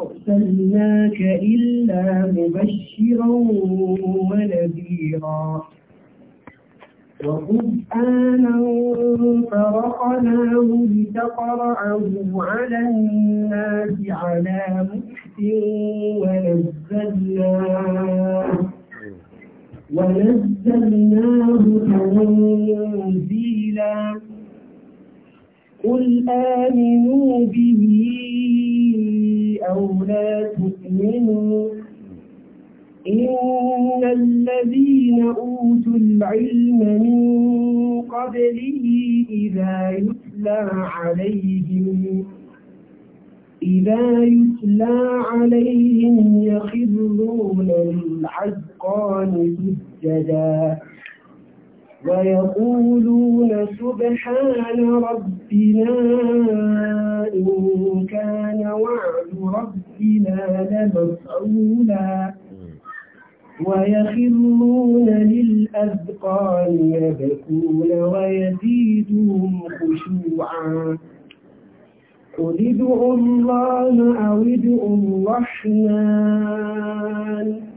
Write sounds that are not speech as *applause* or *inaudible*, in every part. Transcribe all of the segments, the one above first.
أرسلناك إلا مبشرا ونذيرا وقرآنا فرقناه لتقرأه على الناس على مكت ونزلناه ونزلناه تنزيلا قل آمنوا به أو لا تؤمنوا إن الذين أوتوا العلم من قبله إذا يتلى عليهم إذا يتلى عليهم يخرون للعزقان سجداً ويقولون سبحان ربنا إن كان وعد ربنا لمفعولا ويخرون للأذقان يبكون ويزيدهم خشوعا قل ادعوا الله أو ادعوا الرحمن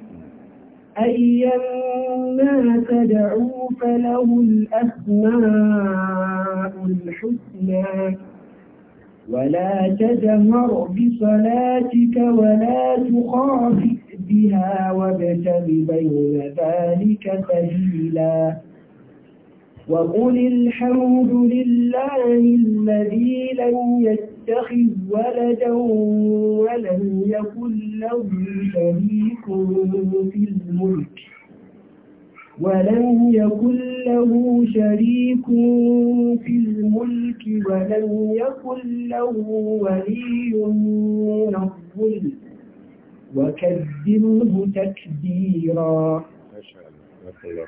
أيما تدعوا فله الأسماء الحسنى ولا تجمر بصلاتك ولا تخافت بها وابتغ بين ذلك سبيلا وقل الحمد لله الذي لم يتخذ ولدا ولم يكن له شريك في الملك ولم يكن له شريك في الملك ولم يكن له ولي من الظل وكذبه تكبيرا ما شاء الله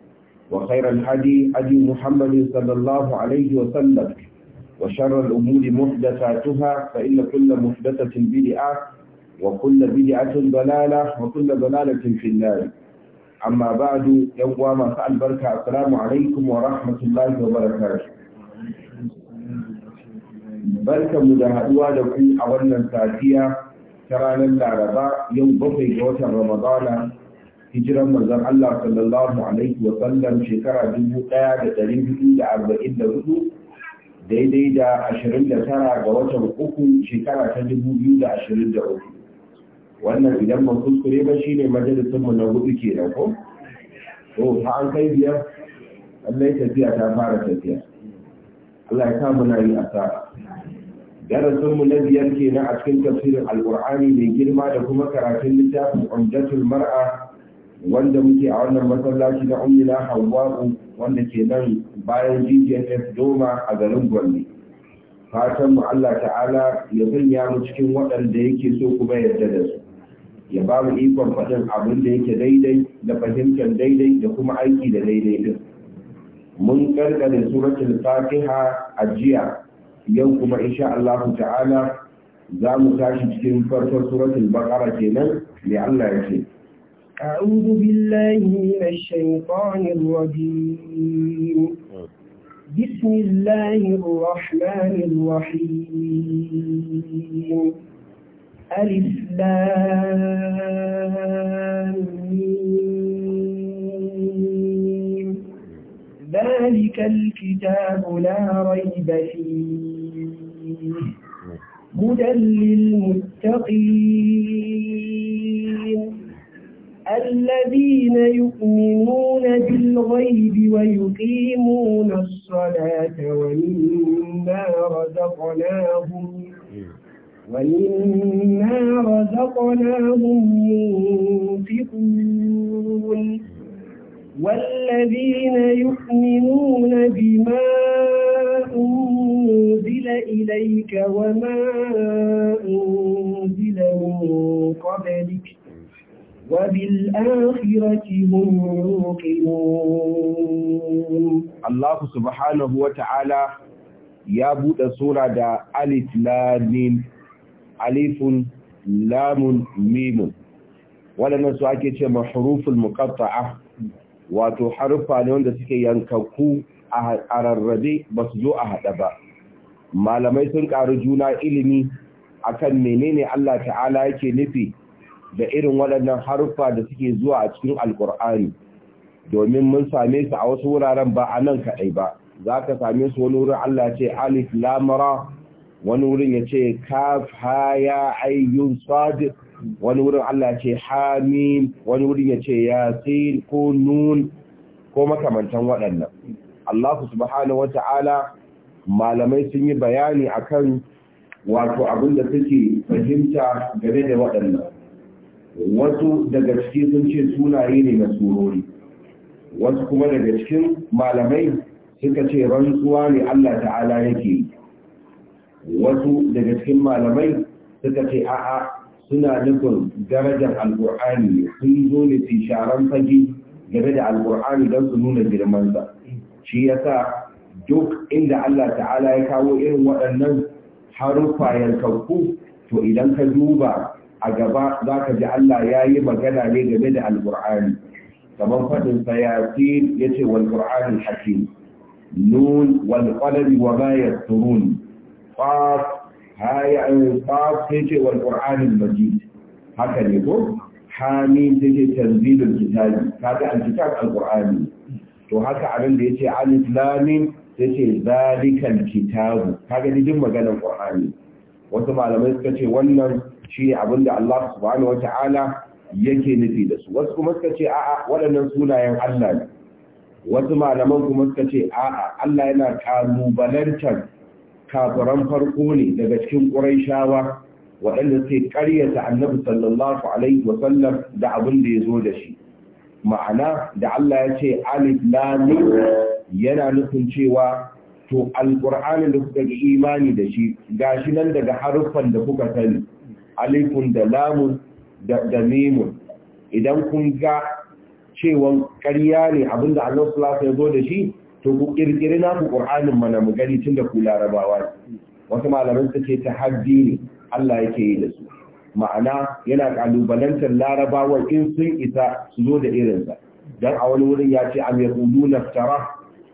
وخير الحدي أدي محمد صلى الله عليه وسلم وشر الأمور محدثاتها فإن كل محدثة بدعة وكل بدعة بلالة وكل بلالة في النار أما بعد يوم مساء البركة السلام عليكم ورحمة الله وبركاته بركة مدهدوا لكم أولا ساتية لنا رضا يوم بطي جوة رمضان hijiran manzon Allah sallallahu alaihi wa sallam shekara 1444 daidai da 29 ga watan uku shekara ta 2023 wannan idan ba kuskure ba shine majalisin mu na hudu kenan ko to ta an kai biyar Allah ya tafiya ta fara tafiya Allah ya sa na yi asara darasin mu na biyar kenan a cikin tafsirin alqur'ani mai girma da kuma karatun littafin umdatul mar'a wanda muke a wannan masallaci na ummina hawwa'u wanda ke nan bayan GGSS Doma a garin Gombe. Fatan mu Allah ta'ala ya sanya mu cikin waɗanda yake so kuma yarda da su. Ya ba mu ikon faɗin abin da yake daidai da fahimtar daidai da kuma aiki da daidai din. Mun karkare suratul Fatiha a jiya yau kuma insha Allah ta'ala za mu tashi cikin farkon suratul Baqara kenan me Allah ya ce. أعوذ بالله من الشيطان الرجيم بسم الله الرحمن الرحيم ألف لام ذلك الكتاب لا ريب فيه هدى للمتقين الذين يؤمنون بالغيب ويقيمون الصلاة ومما رزقناهم ومما رزقناهم ينفقون والذين يؤمنون بما أنزل إليك وما أنزل من قبلك Allahu subhanahu wa ta’ala ya buɗe Sura da Alif Lamin, Alifun Lamun Mimun, waɗannan su ake ce mahruful muqatta'a wato harufa ne wanda suke yankanku a rarrabe ba su zo a haɗa ba malamai sun ƙaru juna ilimi akan menene Allah ta'ala yake nufi da irin waɗannan haruffa da suke zuwa a cikin alkur'ani domin mun same su a wasu wuraren ba a nan kaɗai ba za ka same su wani wurin Allah ce alif lamara wani wurin ya ce kaf haya ayyun sadiq wani wurin Allah ce hamim wani wurin ya ce yasin ko nun ko makamantan waɗannan Allah subhanahu Ta'ala malamai sun yi bayani akan wato abin da suke fahimta game da waɗannan wasu daga ciki sun ce sunaye ne na surori wasu kuma daga cikin malamai suka ce rantsuwa ne Allah ta'ala yake wasu daga cikin malamai suka ce a'a suna nufin darajar alkur'ani sun zo ne su sharan fage game da alkur'ani don su nuna girmansa shi yasa duk inda Allah ta'ala ya kawo irin waɗannan harufa yankanku to idan ka duba a gaba za ka ji Allah ya yi magana ne game da alƙur'ani kamar faɗin sa ya ce wal ƙur'ani hakim nun wal qalami wa ma yasturun qaf haya an qaf sai ce wal ƙur'ani majid haka ne ko hamim ta ce tanzilul kitabi kaga alkitab alƙur'ani to haka abin da ya ce alif lam sai ce zalikan kitabu Ta kaga dijin maganar ƙur'ani wasu malamai suka ce wannan shine abin da Allah subhanahu ta’ala yake nufi da su wasu kuma suka ce a'a waɗannan sunayen Allah ne wasu malaman kuma suka ce a'a Allah yana kalubalantar kafiran farko ne daga cikin ƙuraishawa waɗanda suke ƙaryata annabi sallallahu alaihi wasallam da abin da ya zo da shi ma'ana da Allah ya ce alif yana nufin cewa to Alƙur'ani da kuka ga imani da shi ga shi nan daga haruffan da kuka sani alifun da lamun da mimun idan kun ga cewan ƙarya ne abinda Allah sallallahu ya zo da shi to ku kirkiri na ku Qur'anin mana mu gani tunda ku larabawa ne wasu malaman ta tahaddi ne Allah yake yi da su ma'ana yana ƙalubalantar larabawa in sun isa su zo da irinsa dan a wani wurin ya ce am yaquluna naftara?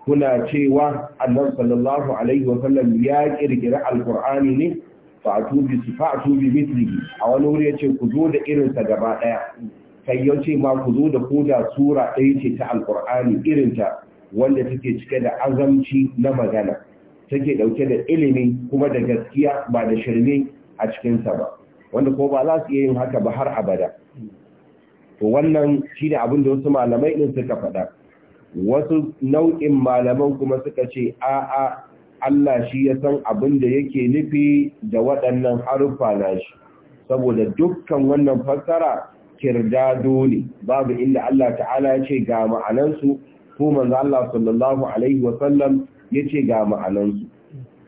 kuna cewa Allah sallallahu alaihi wa sallam ya ƙirƙiri Alƙur'ani ne fa'atu bi bi a wani wuri yace ku zo da irinsa gaba ɗaya. kai yace ma ku zo da koda sura ɗaya ce ta alqur'ani irinta wanda take cike da azamci na magana take ɗauke da ilimi kuma da gaskiya ba da shirme a cikinsa ba wanda ko ba za su iya yin haka ba har abada to wannan shine abin da wasu malamai din suka faɗa wasu nau'in malaman kuma suka ce a'a Allah shi ya san abin da yake nufi da waɗannan harufa na shi, saboda dukkan wannan fassara kirdado ne babu inda Allah ta'ala ya ce ga ma'anansu ko manzo Allah sallallahu alaihi wa ya ce ga ma'anansu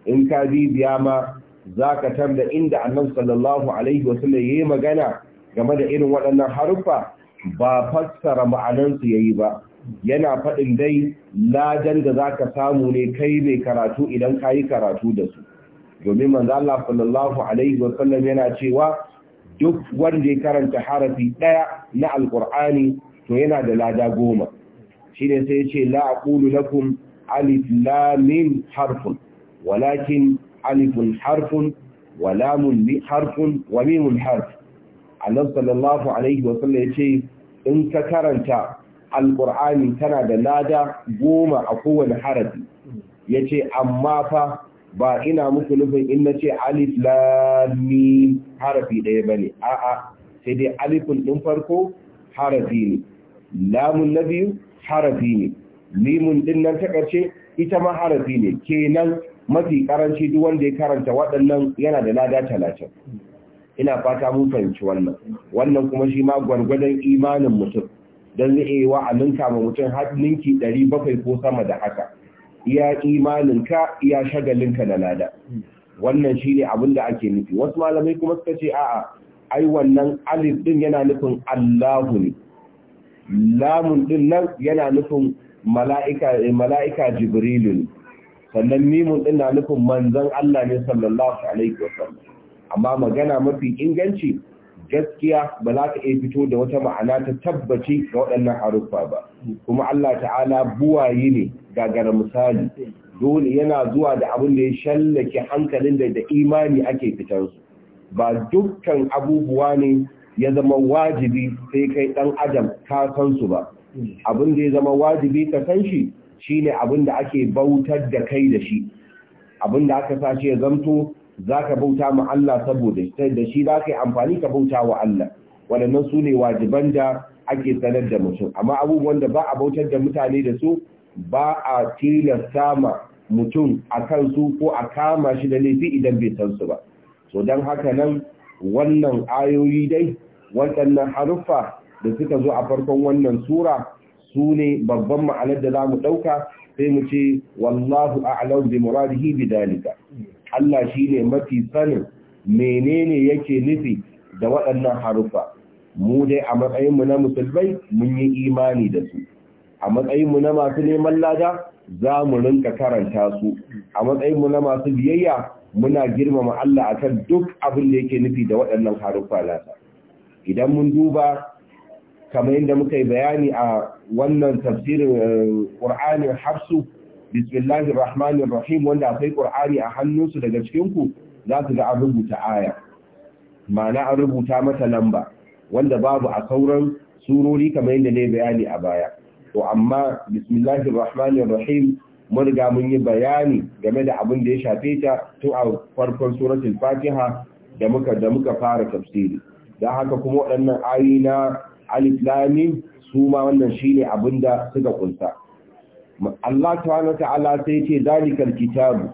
in ka biya ma za zaka tarda inda Annabi sallallahu alaihi wa sallam yayi magana game da irin waɗannan harufa ba fassara ma'anansu yayi ba yana faɗin dai ladan da za ka samu ne kai mai karatu idan ka yi karatu da su domin manzo Allah sallallahu alaihi wasallam yana cewa duk wanda ya karanta harafi ɗaya na alƙur'ani to yana da lada goma shi ne sai ce la na kun alif lam harfun walakin alifun harfun walamun lamun harfun wa mimun harf Allah sallallahu alaihi wasallam ya ce in ka karanta alƙur'ani tana da lada goma a kowane harafi ya ce amma fa ba ina muku nufin in na ce alif lami harafi ɗaya ba ne a'a sai dai alifin ɗin farko harafi ne lamun na biyu harafi ne limun ɗin nan ta ita ma harafi ne kenan mafi ƙaranci duk wanda ya karanta waɗannan yana da lada talatin ina fata mun fahimci wannan wannan kuma shi ma gwargwadon imanin mutum don zai yi wa a ninka ma mutum har ninki ɗari bakwai ko sama da haka iya imaninka iya shagalinka na lada wannan shi ne abin da ake nufi wasu malamai kuma suka ce a'a ai wannan alif din yana nufin allahu ne lamun din nan yana nufin mala'ika eh, mala'ika jibrilu ne sannan mimun din na nufin manzan Allah ne sallallahu alaihi wasallam amma magana mafi inganci gaskiya ba za ka iya fito da wata ma'ana ta tabbaci ga waɗannan haruffa ba kuma Allah ta'ala buwaye ne gagara misali dole yana zuwa da abin da ya shallake hankalin da da imani ake fitar su ba dukkan abubuwa ne ya zama wajibi sai kai ɗan adam ka san su ba abin da ya zama wajibi ka san shi shine abin da ake bautar da kai da shi abin da aka sa shi ya zamto za ka bauta ma Allah saboda da shi za ka yi amfani ka bauta wa Allah waɗannan su ne wajiban da ake sanar da mutum amma abubuwan da ba a bautar da mutane da su ba a tilasta ma mutum a kan su ko a kama shi da laifi idan bai san su ba so don haka nan wannan ayoyi dai waɗannan haruffa da suka zo a farkon wannan sura su ne babban ma'anar da za mu ɗauka sai mu ce wallahu a'lam bi muradihi bi dalika Allah shi ne mafi sanin menene yake nufi da waɗannan haruffa mu dai a matsayinmu na musulmai mun yi imani da su a matsayinmu na masu neman lada za mu rinka karanta su a matsayinmu na masu biyayya muna girmama Allah akan duk abin da yake nufi da waɗannan haruffa nasa idan mun duba kamar yadda muka yi bayani a wannan tafsirin eh, Qur'anin Hafsu bismillahir rahmanir rahim wanda akwai qur'ani a hannunsu daga cikin ku za su ga an rubuta aya Mana an rubuta mata lamba wanda babu a sauran surori kamar yadda ne bayani a baya to amma bismillahir rahmanir rahim mun riga mun yi bayani game da abin da ya shafe ta tun a farkon suratul fatiha da muka da muka fara tafsiri dan haka kuma waɗannan ayina na alif lamim su ma wannan shine abin da suka kunsa Allah subhanahu ta'ala sai ce dalikal kitabu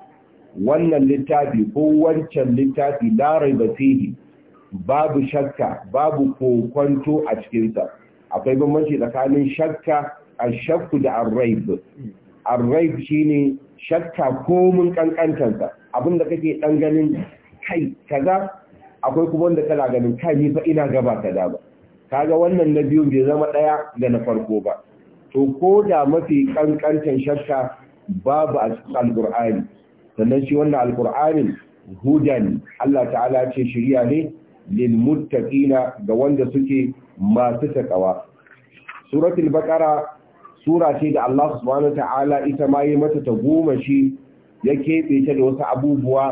wannan littafi ko wancan littafi la raiba fihi babu shakka babu kokonto a cikin sa akwai bambanci tsakanin shakka ashakku da arraib arraib shine shakka komin kankantar sa abinda kake dan ganin kai kaza akwai kuma wanda kana ganin kai ni fa ina gaba kaza ba kaga wannan na biyu bai zama daya da na farko ba to ko da mafi kankantan shakka babu a alkur'ani sannan shi wannan alkur'anin hudan Allah ta'ala ce shirya ne lil muttaqina ga wanda suke masu takawa suratul baqara sura ce da Allah subhanahu ta'ala ita ma yi mata ta goma shi ya keɓe ta da wasu abubuwa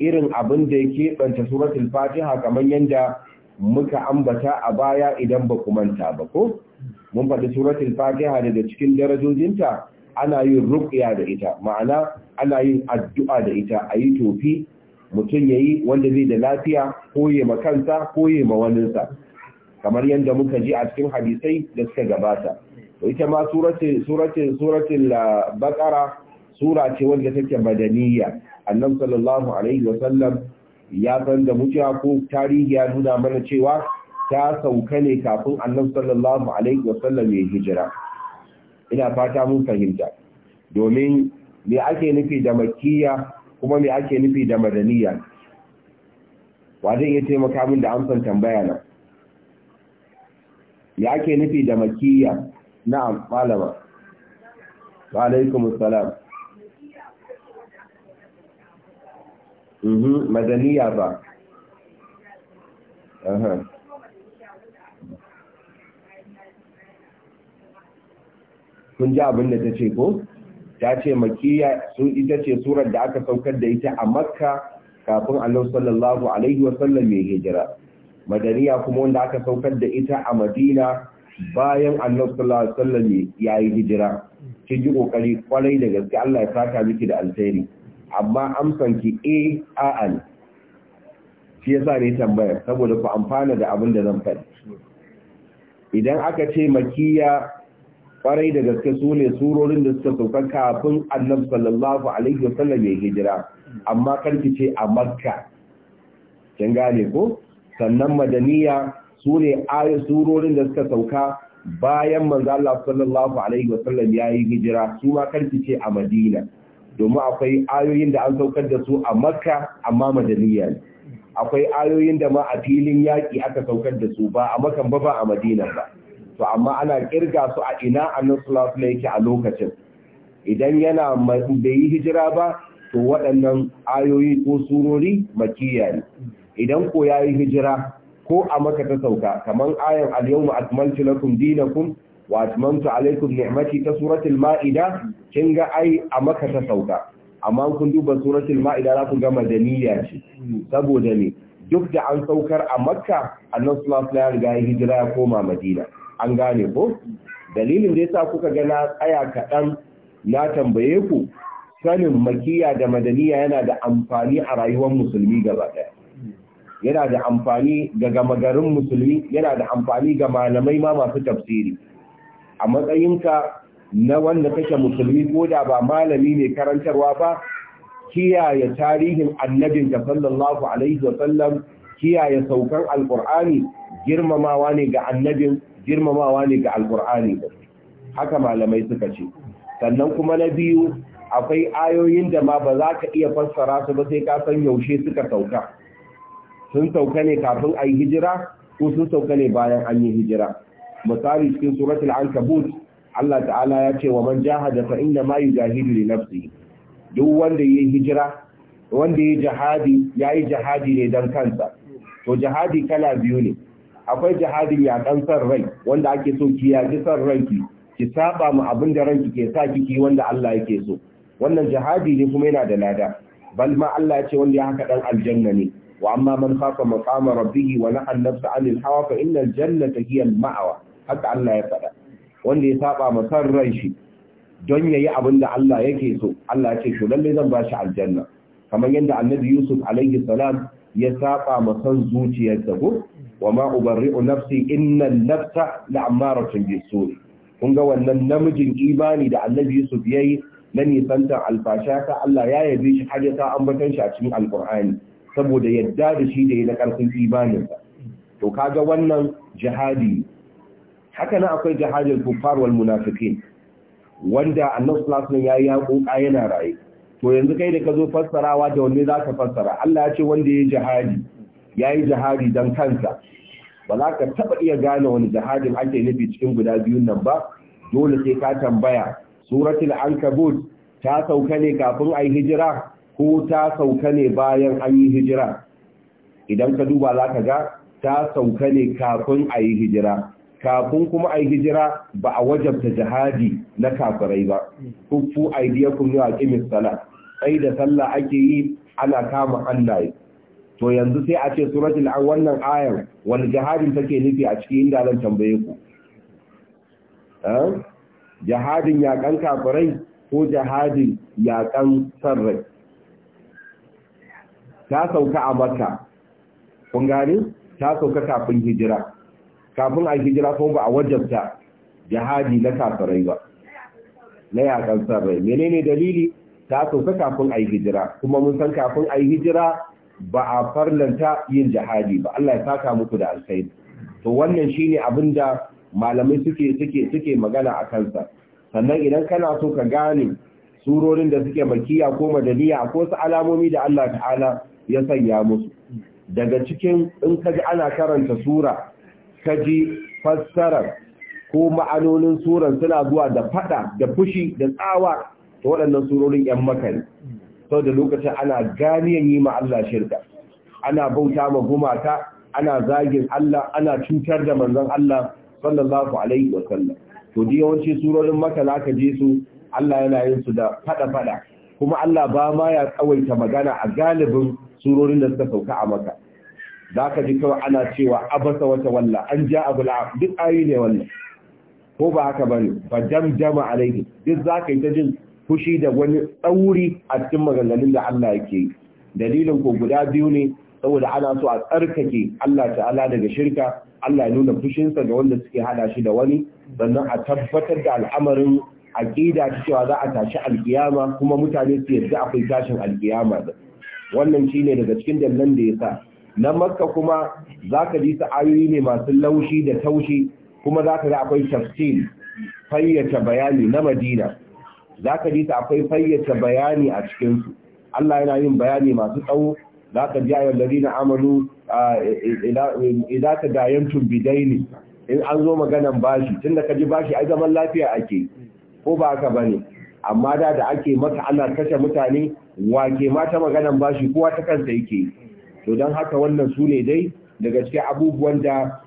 irin abin da ya keɓanta suratul fatiha kamar yanda muka ambata a baya idan ba ku manta ba ko mun faɗi suratul fatiha daga cikin darajojinta ana yin ruqya da ita ma'ana ana yin addu'a da ita ayi tofi mutum yayi wanda zai da lafiya ko ya makansa ko ya ma waninsa kamar yadda muka ji a cikin hadisai da suka gabata to ita ma suratul suratul suratul ah, baqara sura ce wanda take badaniya annabi sallallahu alaihi wasallam ya san da mutiya ko tarihi ya nuna mana cewa ta sauka ne kafin annabi sallallahu alaihi wasallam ya hijira ina fata mun fahimta domin me ake nufi da makkiya kuma me ake nufi da madaniya wa zai iya taimaka min da amsan tambaya na me ake nufi da makkiya na'am malama wa alaikum assalam mhm madaniya ba aha kun ji abin da ta ce ko ta ce makiya su ita ce surar da aka saukar da ita a makka kafin annabi sallallahu alaihi wa sallam ya hijira madaniya kuma wanda aka saukar da ita a madina bayan annabi sallallahu alaihi wa sallam ya yi hijira ki ji kokari kwarai da gaske Allah ya saka miki da alheri amma amsan ki eh a'a fiye shi yasa ne tambayar saboda ku amfana da abin da zan faɗi idan aka ce makiya kwarai da gaske su ne surorin da suka sauka kafin annabi sallallahu alaihi wasallam ya hijira amma karki ce a makka kin gane ko sannan madaniya su ne ayo surorin da suka sauka bayan manzo Allah sallallahu alaihi wasallam ya yi hijira su ma karki ce a madina domin akwai ayoyin da an saukar da su a makka amma madaniya ne akwai ayoyin da ma a filin yaƙi aka saukar da su ba a makan ba ba a madina ba to amma ana kirga su a ina a sallallahu yake a lokacin idan yana bai yi hijira ba to waɗannan ayoyi ko surori makiya ne idan ko ya yi hijira ko a maka ta sauka kaman ayan al-yawma akmaltu lakum dinakum wa atmamtu alaykum ni'mati ta suratul ma'ida kin ga ai a maka ta sauka amma kun duba suratul ma'ida za ku ga madaniya ce saboda ne duk da an saukar a makka annabi sallallahu alaihi wasallam ya riga hijira ya koma madina an gane ko dalilin da yasa kuka ga na tsaya kaɗan na tambaye ku sanin makiya da madaniya yana da amfani a rayuwar musulmi gaba ɗaya yana da amfani ga gama garin musulmi yana da amfani ga malamai ma masu tafsiri a matsayinka na wanda kake musulmi ko da ba malami ne karantarwa ba kiyaye tarihin annabin da sallallahu alaihi wa sallam kiyaye saukan Alkur'ani, girmamawa ne ga annabin girmamawa ne ga alkur'ani haka malamai suka ce sannan kuma na biyu akwai ayoyin da ma ba za ka iya fassara su ba sai ka san yaushe suka sauka sun sauka ne kafin a yi hijira ko sun sauka ne bayan an yi hijira misali cikin suratul ankabut Allah ta'ala ya ce wa man jahada fa inna ma yujahidu li nafsihi duk wanda yayi hijira wanda yayi jihadi yayi jihadi ne dan kansa to jihadi kala biyu ne akwai jihadin yaƙan san rai wanda ake so ki yaƙi san ranki ki saba mu abin da ranki ke sa kiki wanda Allah yake so wannan jihadi ne kuma yana da lada bal ma Allah ya ce wanda ya haka dan aljanna ne wa amma man khafa maqama rabbih wa nahan nafsa anil hawa fa innal jannata hiya al ma'wa haka Allah ya faɗa wanda ya saba ma san ran shi don yayi abin da Allah yake so Allah ya ce to lalle zan bashi aljanna kamar yadda annabi Yusuf alaihi salam ya saba ma san zuciyarsa ko wa ma ubarri'u nafsi innan nafsa la'amaratun bisu kun ga wannan namijin imani da annabi Yusuf yayi na nisantar alfasha ta Allah ya yabe shi har ya sa ambatan shi a cikin alkur'ani saboda yadda da shi da ya na karfin imaninsa to kaga wannan jihadi haka na akwai jihadin kuffar wal munafiqin wanda annabi sallallahu alaihi wasallam yayi yaƙoƙa yana raye to yanzu kai da ka zo fassarawa da wanne za ka fassara Allah ya ce wanda ya jihadi ya yi jihadi don kansa ba za ka taɓa iya gane wani jihadin ake nufi cikin guda biyun nan ba dole sai ka tambaya suratul ankabut ta sauka ne kafin ai hijira ko ta sauka ne bayan an yi hijira idan ka duba za ka ga ta sauka ne kafin ayi hijira kafin kuma ai hijira ba a wajabta jihadi na kafirai ba kuffu aidiyakum ya kimi sala sai da sallah ake yi ana kama Allah. to yanzu sai a ce suratul an wannan ayar wani jihadin take nufi a cikin inda zan tambaye ku jihadin yakan kafirai ko jihadin yakan sarrai ta sauka a makka kun gani ta sauka kafin hijira kafin a hijira kuma ba a wajabta jihadi na kafirai ba na yakan sarrai menene dalili ta sauka kafin a hijira kuma mun san kafin a hijira ba a farlanta yin jihadi ba Allah ya saka muku da alkhairi to wannan shine abinda malamai suke suke suke magana a kansa sannan idan kana so ka gane surorin da suke makiya ko madaniya ko su alamomi da Allah ta'ala ya sanya musu daga cikin in ka ji ana karanta sura ka ji fassarar ko ma'anonin suran suna zuwa da fada da fushi da tsawa to waɗannan surorin yan makari sau da lokacin ana ganiyan yi ma Allah shirka ana bauta ma gumata ana zagin Allah ana cutar da manzon Allah sallallahu alaihi wa sallam to dai yawanci surorin maka zaka je su Allah yana yin su da fada fada kuma Allah ba ma ya tsawaita magana a galibin surorin da suka sauka a maka zaka ji kawai ana cewa abasa wata walla an ja abul duk ayi ne wannan ko ba haka bane fa jamjama alaihi duk zaka yi ta jin fushi da wani tsauri a cikin maganganun da Allah yake dalilin ko guda biyu ne saboda ana so a tsarkake Allah ta'ala daga shirka Allah ya nuna fushinsa ga wanda suke hada shi da wani sannan a tabbatar da al'amarin aqida cewa za a tashi alkiyama kuma mutane su yarda akwai tashin alkiyama da wannan shine daga cikin dalilan da yasa na makka kuma zaka ji ta ayoyi ne masu laushi da taushi kuma zaka ga akwai tafsir fayyace bayani na madina za ka ji ta akwai fayyace bayani a cikinsu Allah yana yin bayani masu tsawo za ka ji ayyar na amalu idan ka bidaini in an zo maganan bashi Tunda da ka ji bashi ai zaman lafiya ake ko ba haka bane amma da da ake maka ana kashe mutane wake ma ta maganan bashi kowa ta kansa yake to don haka wannan su ne dai daga cikin abubuwan da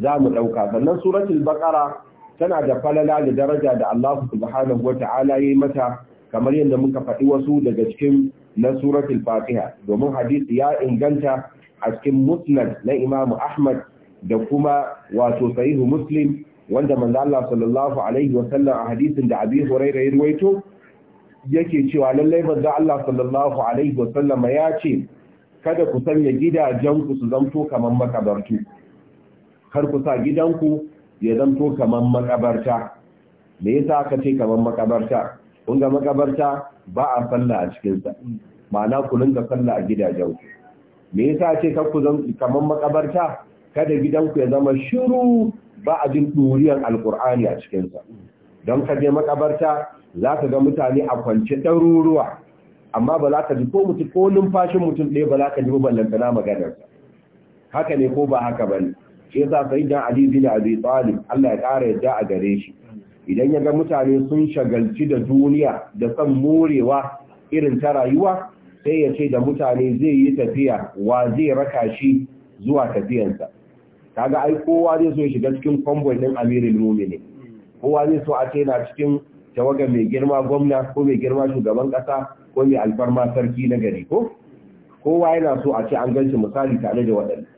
za mu ɗauka sannan suratul baqara tana da falala da daraja da Allah subhanahu wata'ala yayi mata kamar yadda muka faɗi wasu daga cikin na suratul Fatiha domin hadisi ya inganta a cikin Musnad na Imam Ahmad da kuma wato Sahihu Muslim wanda manzo Allah sallallahu alaihi wasallam a hadisin da Abi Hurairah ya ruwaito yake cewa lallai manzo Allah sallallahu alaihi wasallam ya ce kada ku sanya gidajen ku su zanto kamar makabartu kar ku sa gidanku ya zanto kaman makabarta me yasa aka ce kaman makabarta kun ga makabarta ba a sallah a cikin sa ma'ana ku rinka sallah a gidajen ku me yasa ce ka ku zan kaman makabarta kada gidan ku ya zama shiru ba a jin duriyar alqur'ani a cikin sa don ka je makabarta ka ga mutane a kwance ɗaruruwa amma ba za ka ji ko mutum ko numfashin mutum ɗaya ba za ka ji ba ballantana maganar haka ne ko ba haka ba ne? shi yasa sayyidina ali bin abi talib Allah ya kare yadda a gare shi idan ya ga mutane sun shagalci da duniya da san morewa irin ta rayuwa sai ya ce da mutane zai yi tafiya wa zai raka shi zuwa tafiyansa kaga ai kowa zai so shiga cikin convoy din amirul mu'minin kowa zai so a ce na cikin tawaga mai girma gwamna ko mai girma shugaban kasa ko mai alfarma sarki na gari ko kowa yana so a ce an ganci misali tare da waɗanda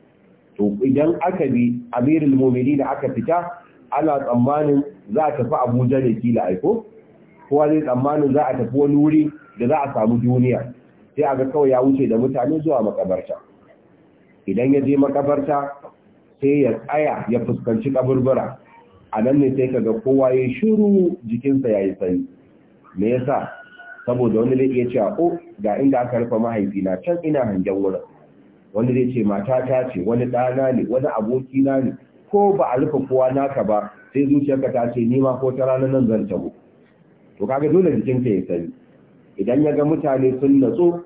to idan aka bi amirul mu'minin aka fita ana tsammanin za a tafi Abuja da kila aiko kowa zai tsammanin za a tafi wani wuri da za a samu duniya sai a ga kawai ya wuce da mutane zuwa makabarta idan ya je makabarta sai ya tsaya ya fuskanci kaburbura a nan ne sai kaga kowa ya shiru jikinsa ya yi sani me yasa saboda wani zai iya cewa ko, oh, ga inda aka rufe mahaifina can ina hangen wurin wani zai ce mata ta ce wani ɗana ne wani abokina ne ko ba a rufe kowa naka ba sai zuciyarka ta ce nima ma ko ta ranar nan zan tabo to kaga dole jikinka ya sani idan ya ga mutane sun natsu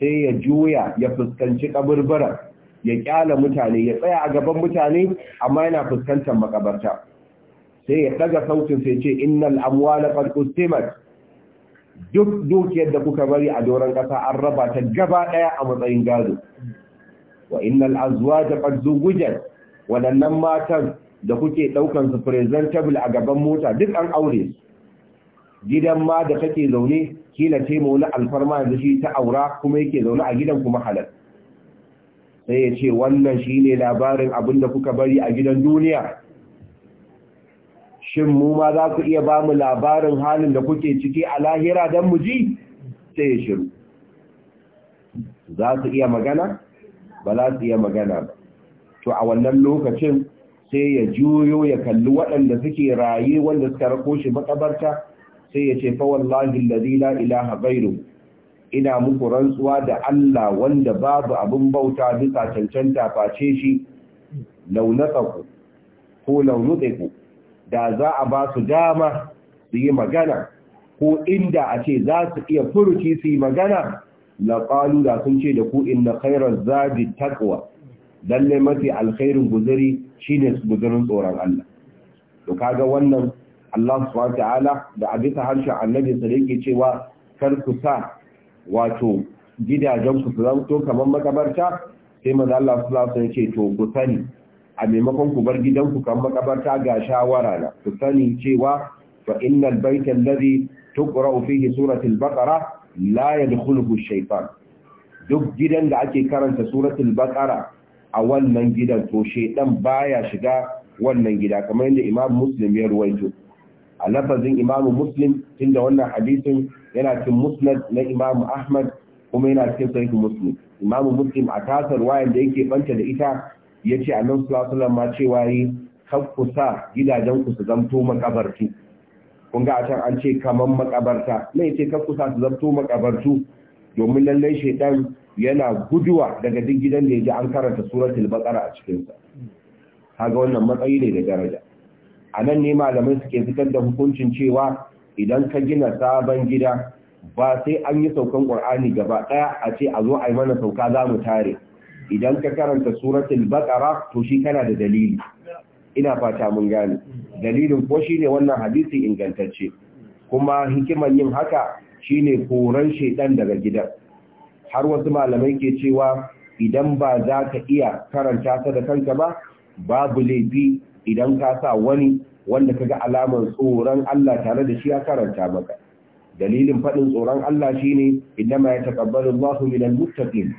sai ya juya ya fuskanci kaburbura ya kyala mutane ya tsaya a gaban mutane amma yana fuskantar makabarta sai ya daga sautin sai ce innal amwala qad ustimat duk dukiyar da kuka bari a doron kasa an raba ta gaba daya a matsayin gado wa innal azwaja qad zuwjat wadannan matan da kuke daukan su presentable a gaban mota duk an aure gidan ma da take zaune kila ce mu wani alfarma yanzu shi ta aura kuma yake zaune a gidan kuma halal sai ya ce wannan shine labarin abin da kuka bari a gidan duniya shin mu ma za ku iya ba mu labarin halin da kuke ciki a lahira don mu ji sai ya shiru za su iya magana ba za su iya magana ba to a wannan lokacin sai ya juyo ya kalli waɗanda suke raye wanda suka rako shi makabarta sai ya ce fa wallahi allazi la ilaha ghairu ina muku rantsuwa da Allah wanda babu abin bauta bisa cancanta face shi ku, ko ku, da za a ba su dama su yi magana ko inda a ce za su iya furuci su yi magana la da sun ce da ku inna khairaz zadi taqwa lalle mafi alkhairin guzuri shine guzurin tsoron Allah to kaga wannan Allah subhanahu ta'ala da abisa harshen annabi sa yake cewa kar ku sa wato gidajen ku to kamar makabarta sai manzo Allah sallallahu alaihi ce to ku sani a maimakon ku bar gidan ku kamar makabarta ga shawara na ku sani cewa fa innal baita alladhi tuqra fihi suratul baqara la yadkhuluhu shaytan duk gidan da ake karanta suratul baqara a wannan gidan to shaytan baya shiga wannan gida kamar yadda imam muslim ya ruwaito a lafazin imam muslim tunda wannan hadisin yana cin musnad na imam ahmad kuma yana cikin sahih muslim imam muslim a tasar wayan da yake banta da ita yace annabi sallallahu alaihi wasallam ma cewa yi kafkusa gidajen ku su zamto makabarti kun ga a can an ce kaman makabarta mai ce kan kusa su zarto makabartu domin lallai shaidan yana guduwa daga duk gidan da ya ji an karanta suratul baqara a cikinsa kaga wannan matsayi ne da daraja a nan ne malamai suke fitar da hukuncin cewa idan ka gina sabon gida ba sai an yi saukan ƙur'ani gaba ɗaya a ce a zo a yi mana sauka za mu tare idan ka karanta suratul baqara to shi kana da dalili ina fata mun gane dalilin ko shine wannan hadisi ingantacce kuma hikimar yin haka shine koran shedan daga gidan har wasu malamai ke cewa idan ba za ka iya karanta ta da kanka ba babu laifi idan ka sa wani wanda ka ga alamar tsoron Allah tare da shi ya karanta maka dalilin faɗin tsoron Allah shine idan ma ya taqabbalu Allahu muttaqin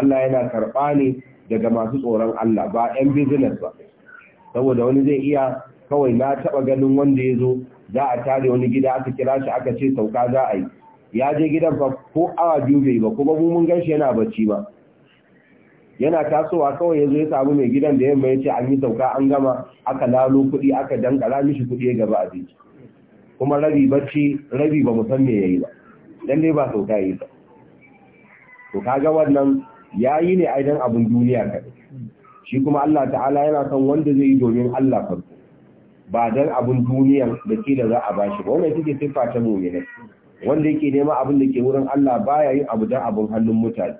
Allah yana karɓa ne daga masu tsoron Allah ba 'yan business ba saboda wani zai iya kawai na taba ganin wanda ya zo za a tare wani gida aka kira shi aka ce sauka za a yi ya je gidan fa ko awa biyu bai ba kuma mu mun ganshi yana bacci ba yana tasowa kawai ya zo ya samu mai gidan da yamma ya ce an yi sauka an gama aka lalo kuɗi aka dankara mishi kuɗi ya gaba abinci kuma rabi bacci rabi ba mu san me yayi ba dan dai ba sauka yayi ba to kaga wannan yayi ne aidan abun duniya kaɗai shi kuma Allah ta'ala yana son wanda zai yi domin Allah farko ba don abun duniya da kila za a ba shi ba wanda take siffa ta mu'mina wanda yake nema abin da ke wurin Allah baya yin abu dan abin hannun mutane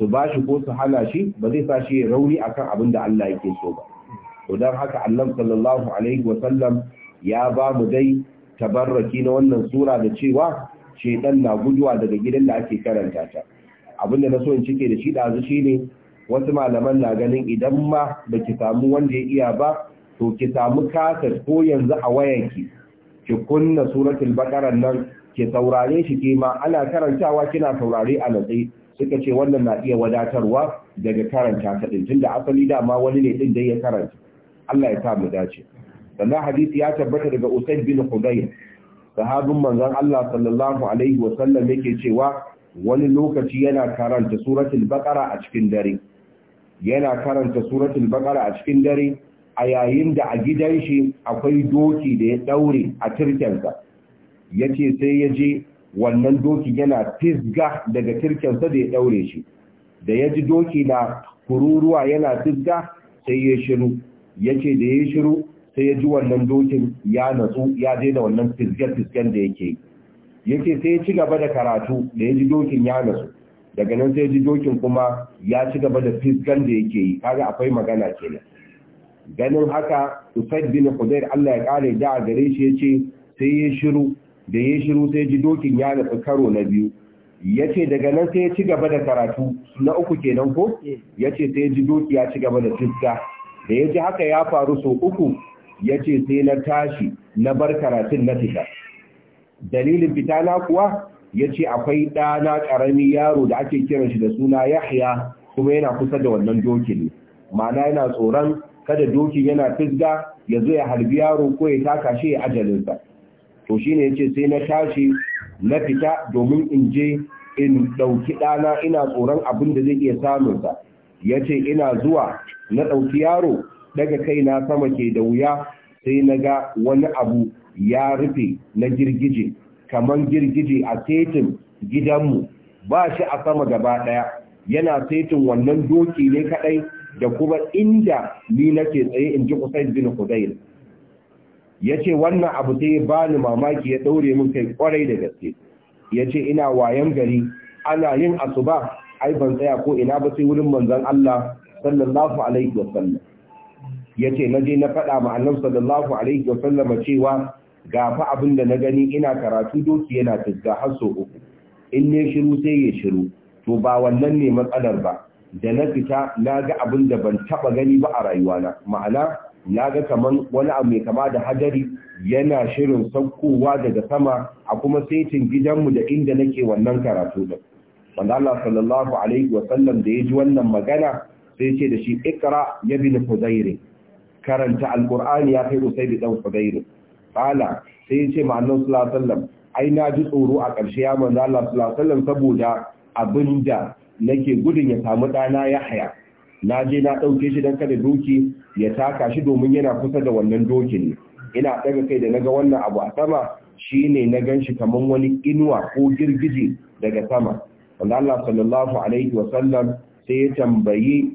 su bashi ko su hana shi ba zai sa shi rauni akan abin da Allah yake so ba to don haka Allah sallallahu alaihi ya ba mu dai tabarraki na wannan sura da cewa shedan na guduwa daga gidan da ake karanta ta abin da na so in cike da shi dazu shine wasu malaman na ganin idan ma baki samu wanda ya iya ba to ki samu kasar ko yanzu a wayanki ki kunna suratul baqara nan ki saurare shi ke ma ana karantawa kina saurare a natsi suka ce wannan na iya wadatarwa daga karanta ta din tunda asali dama wani ne din da ya karanta Allah ya sa dace sannan hadisi ya tabbata daga Usayd bin Hudayr sahabin manzon Allah sallallahu alaihi wa sallam yake cewa wani lokaci yana karanta suratul baqara a cikin dare yana karanta suratul baqara a cikin dare a yayin da a gidan shi akwai doki da ya daure a tirkensa ya ce sai ya je wannan doki yana fisga daga tirkensa da ya daure shi da ya ji doki na kururuwa yana fisga sai ya shiru ya ce da ya shiru sai ya ji wannan dokin ya natsu ya je da wannan fisgen-fisgen da yake ce sai ya ci gaba da karatu da ya ji dokin ya natsu daga nan sai ya ji dokin kuma ya ci gaba da fisgen da yake yi kaga akwai magana kenan ganin haka usaid bin hudair Allah ya kare da a gare shi yace sai ya shiru da ya shiru sai ji dokin ya nufi karo na biyu yace daga nan sai ya ci gaba da karatu na uku kenan ko yace sai ya ji doki ya ci gaba da tuska da ya haka ya faru sau uku yace sai na tashi na bar karatun na fita dalilin fitana na kuwa yace akwai ɗana karami yaro da ake kiran shi da suna Yahya kuma yana kusa da wannan dokin ne ma'ana yana tsoron kada doki yana fisga ya zo ya harbi yaro ko ya taka shi ya ajalinsa to shine yace sai na tashi na fita domin in je in ɗauki ɗana ina tsoron abin da zai iya samunsa ya ce ina zuwa na ɗauki yaro daga kaina sama ke da wuya sai na ga wani abu ya rufe na girgije kamar girgije a setin gidanmu ba shi a sama gaba ɗaya yana setin wannan doki ne kaɗai da kuma inda ni nake tsaye in ji Usaid bin Hudayl yace wannan abu sai ba ni mamaki ya daure mun kai kwarai da gaske yace ina wayan gari ana yin asuba ai ban tsaya ko ina ba sai wurin manzon Allah sallallahu alaihi wasallam yace naje na faɗa ma Annabi sallallahu alaihi wasallam cewa ga fa abin da na gani ina karatu doki yana tijja har so uku in ne shiru sai ya shiru to ba wannan ne matsalar ba da na fita na ga abin da ban taba gani ba a rayuwana ma'ana na ga kaman wani abu mai kama da hadari yana shirin saukowa daga sama a kuma saitin gidanmu da inda nake wannan karatu din wanda Allah sallallahu alaihi wa sallam da ya ji wannan magana sai ce da shi ikra ya bin fudairi karanta alqur'ani ya kai usayd dan fudairi qala sai ya ce ma annabi sallallahu alaihi wa sallam ai na ji tsoro a ƙarshe ya manzo Allah sallallahu alaihi wa sallam saboda abinda nake gudun ya samu ɗana ya haya na je na ɗauke shi don kada doki ya taka shi domin yana kusa da wannan dokin ne ina ɗaga kai da naga wannan abu a sama shine na ganshi shi kamar wani inuwa ko girgije daga sama wanda Allah sallallahu alaihi wasallam sai ya tambayi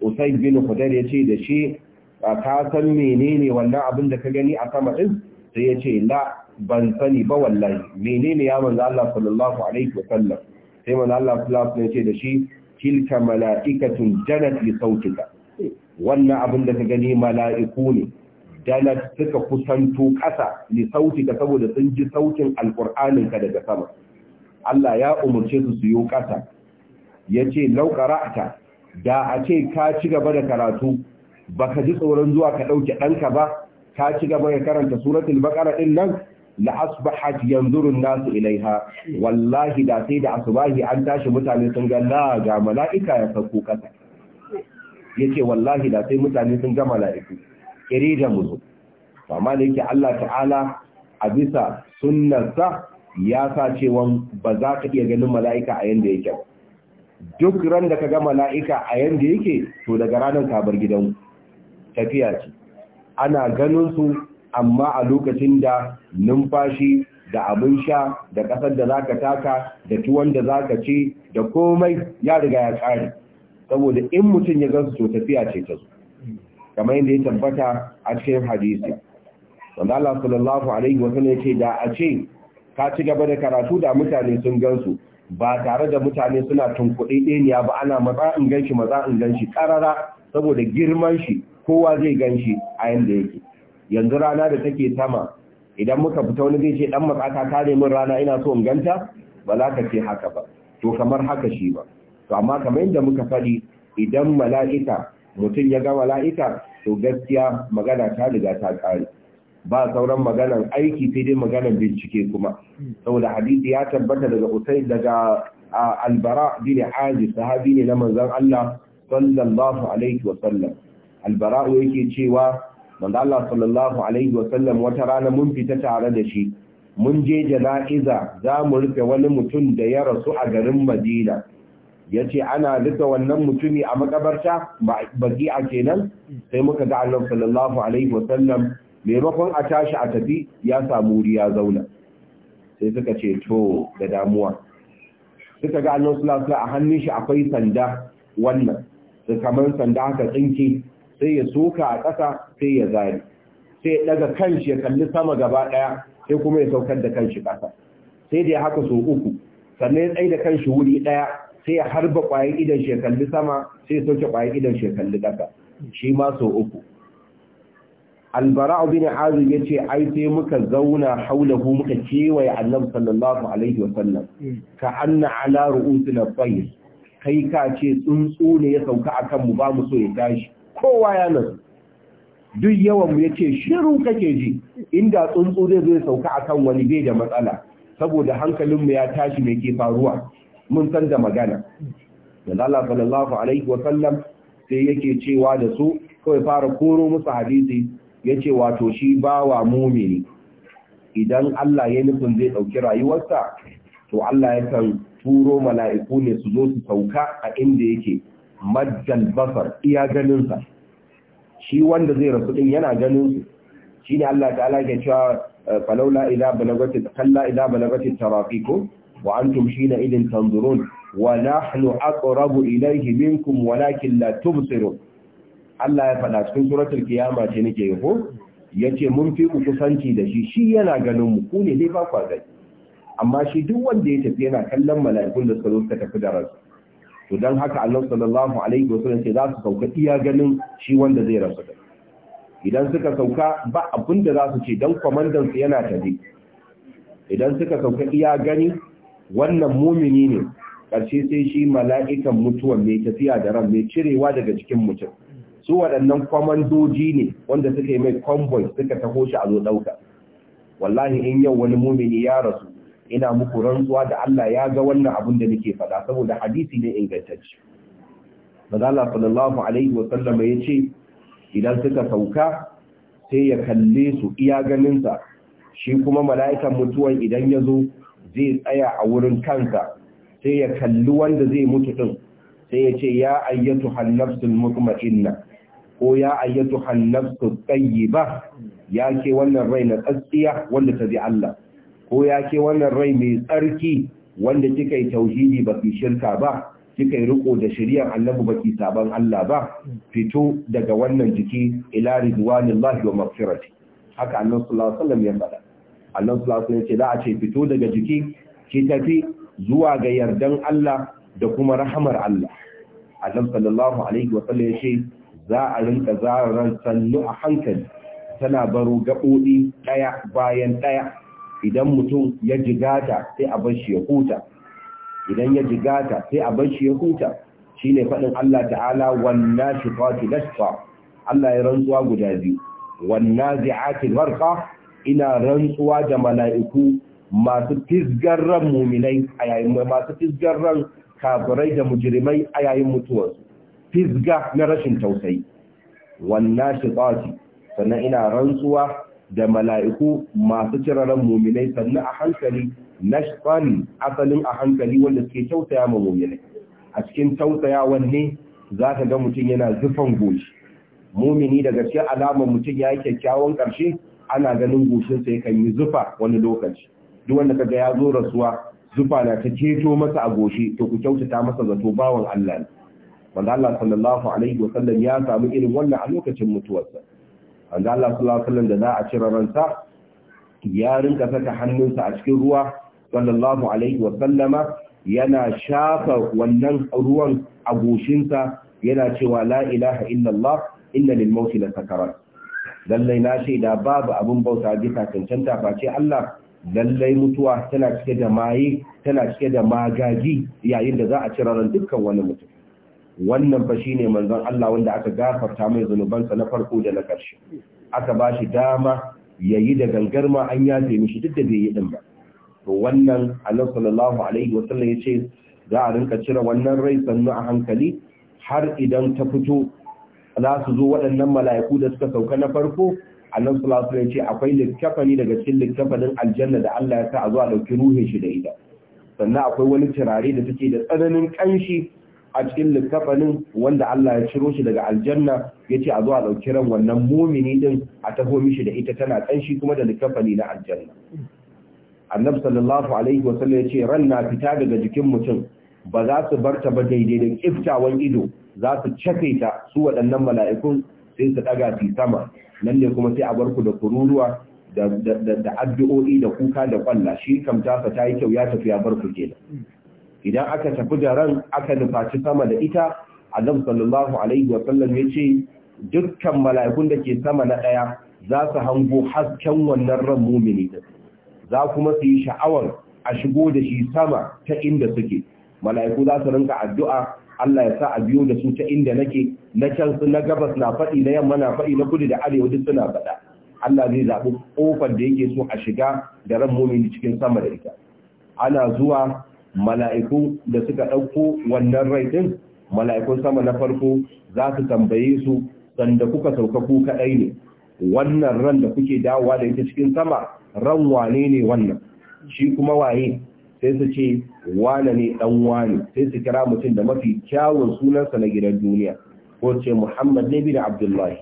Usai bin Hudar ya ce da shi ka san menene wannan abin da ka gani a sama din sai ya ce la ban sani ba wallahi menene ya manzo Allah sallallahu alaihi wasallam sai manzo Allah ta ce da shi tilka mala'ikatun janat li sautika wannan abin da ka gani mala'iku ne janat suka kusanto ƙasa li sautika saboda sun ji sautin alqur'anin ka daga sama Allah ya umurce su su yi ƙasa yace law qara'ta da a ce ka ci gaba da karatu baka ji tsoron zuwa ka dauke danka ba ka ci gaba da karanta suratul baqara din nan la asbahat yanzuru an-nasu ilaiha wallahi da sai da asbahi an tashi mutane sun ga la ga mala'ika ya sauko kasa yace wallahi da sai mutane sun ga mala'iku iri da muzo amma da yake Allah ta'ala a bisa sunnarsa ya sa cewa ba za ka iya ganin mala'ika a yanda yake ba duk ran da ka ga mala'ika a yanda yake to daga ranar kabar gidan tafiya ce ana ganin su amma a lokacin da numfashi da abin sha da ƙasar da za ka taka da tuwon da ka ce da komai ya riga ya tsari saboda in mutum ya gansu to tafiya ce ta su kamar yadda ya tabbata a cikin hadisi wanda Allah sallallahu alaihi ne ce da a ce ka ci gaba da karatu da mutane sun gansu ba tare da mutane suna tunkuɗe ɗeniya ba ana matsa in ganshi matsa in ganshi ƙarara saboda girman shi kowa zai ganshi a yadda yake yanzu rana da take sama idan muka fita wani zai ce dan matsaka ta min rana ina so in ganta ba za ka ce haka ba to kamar haka shi ba to amma kamar yadda muka faɗi idan mala'ika mutum ya ga mala'ika to gaskiya magana ta riga ta ƙare ba sauran maganan aiki sai dai maganan bincike kuma saboda hadisi ya tabbata daga Usayd daga Albara bin Azib sahabi ne na manzon Allah sallallahu alaihi wa sallam Albara yake cewa manzo Allah sallallahu alaihi wa sallam wata rana mun fita tare da shi mun je jana'iza za mu rufe wani mutum da ya rasu a garin Madina yace ana rufe wannan mutumi a makabarta baki a kenan sai muka ga Allah sallallahu alaihi wa sallam maimakon a tashi a tafi ya samu wuri ya zauna sai suka ce to da damuwa suka ga Allah sallallahu alaihi a hannun shi akwai sanda wannan kamar sanda haka tsinke sai ya soka a ƙasa sai ya zari sai ya daga kanshi ya kalli sama gaba ɗaya sai kuma ya saukar da kanshi ƙasa sai da ya haka so uku sannan ya tsaye da kanshi wuri ɗaya sai ya harba ƙwayan idan shi ya kalli sama sai ya sauke ƙwayan idan shi ya kalli ƙasa shi ma so uku Albara'u bin ya ce ai sai muka zauna haulahu muka kewaye annabi sallallahu alaihi wasallam ka anna ala ru'usina tayr kai ka ce tsuntsu ne ya sauka akan mu ba mu so ya tashi kowa ya nasu duk yawan mu ce, shiru kake ji inda tsuntsu zai zo ya sauka akan wani bai da matsala saboda hankalin mu ya tashi mai ke faruwa mun san da magana da Allah sallallahu alaihi wa sallam sai yake cewa da su kawai fara koro musu hadisi yace wato shi bawa mumini idan Allah ya nufin zai dauki rayuwarsa to Allah ya kan turo mala'iku ne su zo su sauka a inda yake maddan basar iya ganinsa shi wanda zai rasu din yana ganin su ne Allah ta'ala ke cewa eh, falaula idha balagati kalla idha balagati tarafiku wa antum shina idin tanzurun wa nahnu aqrabu ilayhi minkum walakin la tubsirun Allah ya faɗa cikin suratul kiyama ce nake ko yace mun fi ku kusanci da shi shi yana ganin mu ku ne dai ba ku gani amma shi duk wanda ya tafi yana kallon mala'ikun da suka zo suka tafi da rasu to don haka Allah sallallahu alaihi wasallam ce za su sauka iya ganin shi wanda zai rasu da idan suka sauka ba abin da za su ce don kwamandan su yana tafi idan suka sauka iya gani wannan mumini ne ƙarshe sai shi mala'ikan mutuwa mai tafiya da ran mai cirewa daga cikin mutum su waɗannan kwamandoji ne wanda suka yi mai convoy suka taho shi a zo ɗauka wallahi in yau wani mumini ya rasu ina muku rantsuwa da Allah ya ga wannan abin da nake faɗa saboda hadisi ne ingantacce maza Allah sallallahu alaihi wa sallam ya ce idan suka sauka sai ya kalle su iya ganinsa shi kuma mala'ikan mutuwan idan ya zo zai tsaya a wurin kansa sai ya kalli wanda zai mutu din sai ya ce ya ayyatu hannafsul mutma'inna ko ya ayyatu hannafsul tayyiba ya ke wannan rai na tsatsiya wanda ta bi Allah ko ya ke wannan rai mai tsarki wanda kika yi tauhidi ba ki shirka ba kika yi riko da shari'ar annabi ba ki saban Allah ba fito daga wannan jiki ila ridwanillahi wa maghfirati haka annabi sallallahu alaihi wasallam ya faɗa annabi sallallahu alaihi wasallam ya ce ce fito daga jiki ki tafi zuwa ga yardan Allah da kuma rahamar Allah annabi sallallahu alaihi wasallam ya ce za a rinka zararan sannu a hankali tana baro gaɓoɗi ɗaya bayan ɗaya idan mutum ya jigata sai a bar shi ya huta idan ya jigata sai a bar shi ya huta shine faɗin Allah ta'ala wanna nashiqati lasta Allah ya rantsuwa guda biyu wanna zi'ati barqa ina rantsuwa da mala'iku masu fisgar ran muminai a yayin masu fisgar ran kafirai da mujrimai a yayin mutuwarsu fisga na rashin tausayi wanna nashiqati sannan ina rantsuwa da mala'iku masu ciraran muminai sannu a hankali nashfan asalin a hankali wanda suke tausaya ma muminai a cikin tausayawan ne za ka ga mutum yana zufan goshi mumini daga cikin alamar mutum ya yi kyakkyawan ƙarshe ana ganin goshinsa kan yi zufa wani lokaci duk wanda kaga ya zo rasuwa zufa na ta ceto masa a goshi to ku kyautata masa zato bawan Allah ne wanda Allah sallallahu alaihi wasallam ya samu irin wannan a lokacin mutuwarsa wanda Allah sallallahu da za a cire ransa ya rinka saka hannunsa a cikin ruwa sallallahu alaihi wa sallama yana shafa wannan ruwan a goshinsa yana cewa la ilaha illallah inna lil mauti la sakarat lallai na shaida babu abin bauta bisa cancanta face Allah lallai mutuwa tana cike da maye tana cike da magaji yayin da za a cire ran dukkan wani mutum wannan fa shine manzon Allah wanda aka gafarta mai zunubansa na farko da na ƙarshe aka ba shi dama yayi da gangar ma an yafe mishi duk da bai yi din ba to wannan Allah sallallahu alaihi wa sallam yace za a rinka cire wannan rai sannu a hankali har idan ta fito za su zo waɗannan mala'iku da suka sauka na farko Allah sallallahu alaihi wa sallam yace akwai likkafani daga cikin likkafanin aljanna da Allah ya sa a zo a dauki ruhin shi da ita sannan akwai wani turare da take da tsananin kanshi a cikin littafanin wanda Allah ya ciro shi daga aljanna ya ce a zo a ɗauki ran wannan mumini ɗin a taho mishi da ita tana ƙanshi kuma da littafani na aljanna. Annab sallallahu alaihi wa sallam ya ce ran na fita daga jikin mutum ba za su bar ta ba daidai da iftawan ido za su cake ta su waɗannan mala'ikun sai su ɗaga fi sama nan ne kuma sai a bar ku da kururuwa da addu'o'i da kuka da kwalla shi kam ta ta yi kyau ya tafi ya bar ku kenan. idan aka tafi da ran aka nufaci sama da ita Allah sallallahu alaihi wasallam ya ce dukkan mala'ikun da ke sama na ɗaya za su hango hasken wannan ran mumini su, za kuma su yi sha'awar a shigo da shi sama ta inda suke mala'iku za su rinka addu'a Allah ya sa a biyo da su ta inda nake na can su na gabas na faɗi na yamma na faɗi na kudu da arewa duk suna faɗa Allah zai zaɓi ƙofar da yake so a shiga da ran mumini cikin sama da ita ana zuwa mala'iku da suka ɗauko wannan rai ɗin mala'ikun sama na farko za su tambaye su sanda kuka sauka ku kaɗai ne wannan ran da kuke dawowa da ita cikin sama ran wane ne wannan shi kuma waye sai su ce wane ne ɗan wane sai su kira mutum da mafi kyawun sunansa na gidan duniya ko ce muhammad ne bi da abdullahi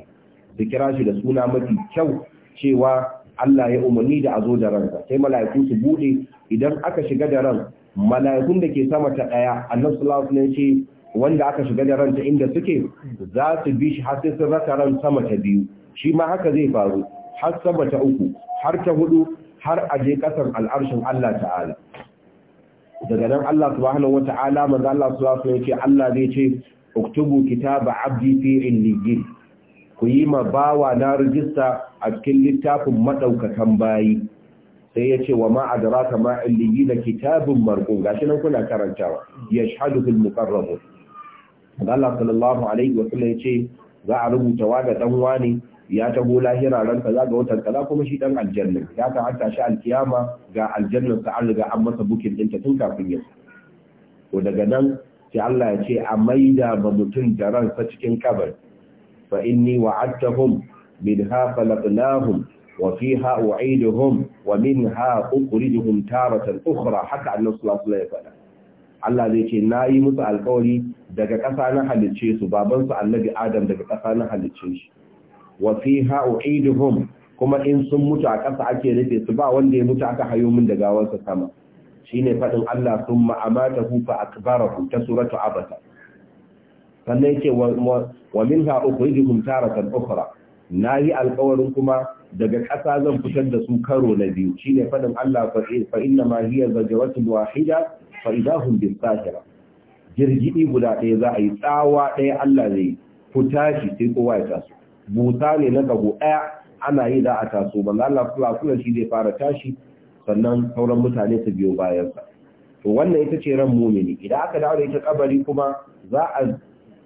su kira shi da suna mafi kyau cewa Allah ya umarni da a zo da ransa sai mala'iku su bude idan aka shiga da ran mala'ikun da ke sama ta daya annabi sallallahu alaihi wasallam ce wanda aka shiga da ranta inda suke za su bi shi har sai sun raka ran sama ta biyu shi ma haka zai faru har sama ta uku har ta hudu har a je kasar al'arshin Allah ta'ala daga nan Allah subhanahu wata'ala manzo Allah wasallam ce Allah zai ce uktubu kitaba abdi fi illiyin ku yi ma bawa na rijista a cikin littafin madaukakan bayi sai ya ce wa ma adraka ma illiyina kitabun marqum gashi nan kuna karantawa yashhaduhu al-muqarrabun Allah sallallahu alaihi wa sallam yace za a rubuta wa ga dan wani ya taho lahira ran kaza ga watan kaza kuma shi dan aljanna ya ka hatta shi alkiyama ga aljanna ta an riga an masa bukin din ta tun kafin yau to daga nan sai Allah ya ce a maida ba mutum da ransa cikin kabar fa inni wa'adtahum bidha khalaqnahum وفيها أعيدهم ومنها أخرجهم تارة أخرى حتى أن صلى الله عليه Allah zai ce na yi musu alkawari daga ƙasa na halicce su babansu annabi Adam daga ƙasa na halicce shi wa fiha u'iduhum kuma in sun mutu a ƙasa ake rufe su ba wanda ya mutu aka hayo min da gawarsa sama shine faɗin Allah summa amatahu fa akbarahu ta suratu abasa sannan ce wa minha ukhrijukum taratan na nayi alkawarin kuma daga ƙasa zan fitar da su karo na biyu shine faɗin Allah fa inna ma hiya zajratun wahida fa idahum bisahira jirgidi guda ɗaya za a yi tsawa ɗaya Allah zai fita shi sai kowa ya taso buta ne na gabo ɗaya ana yi za a taso ban Allah kula kula shi zai fara tashi sannan sauran mutane su biyo bayansa to wannan ita ce ran mumini idan aka dawo da ita kabari kuma za a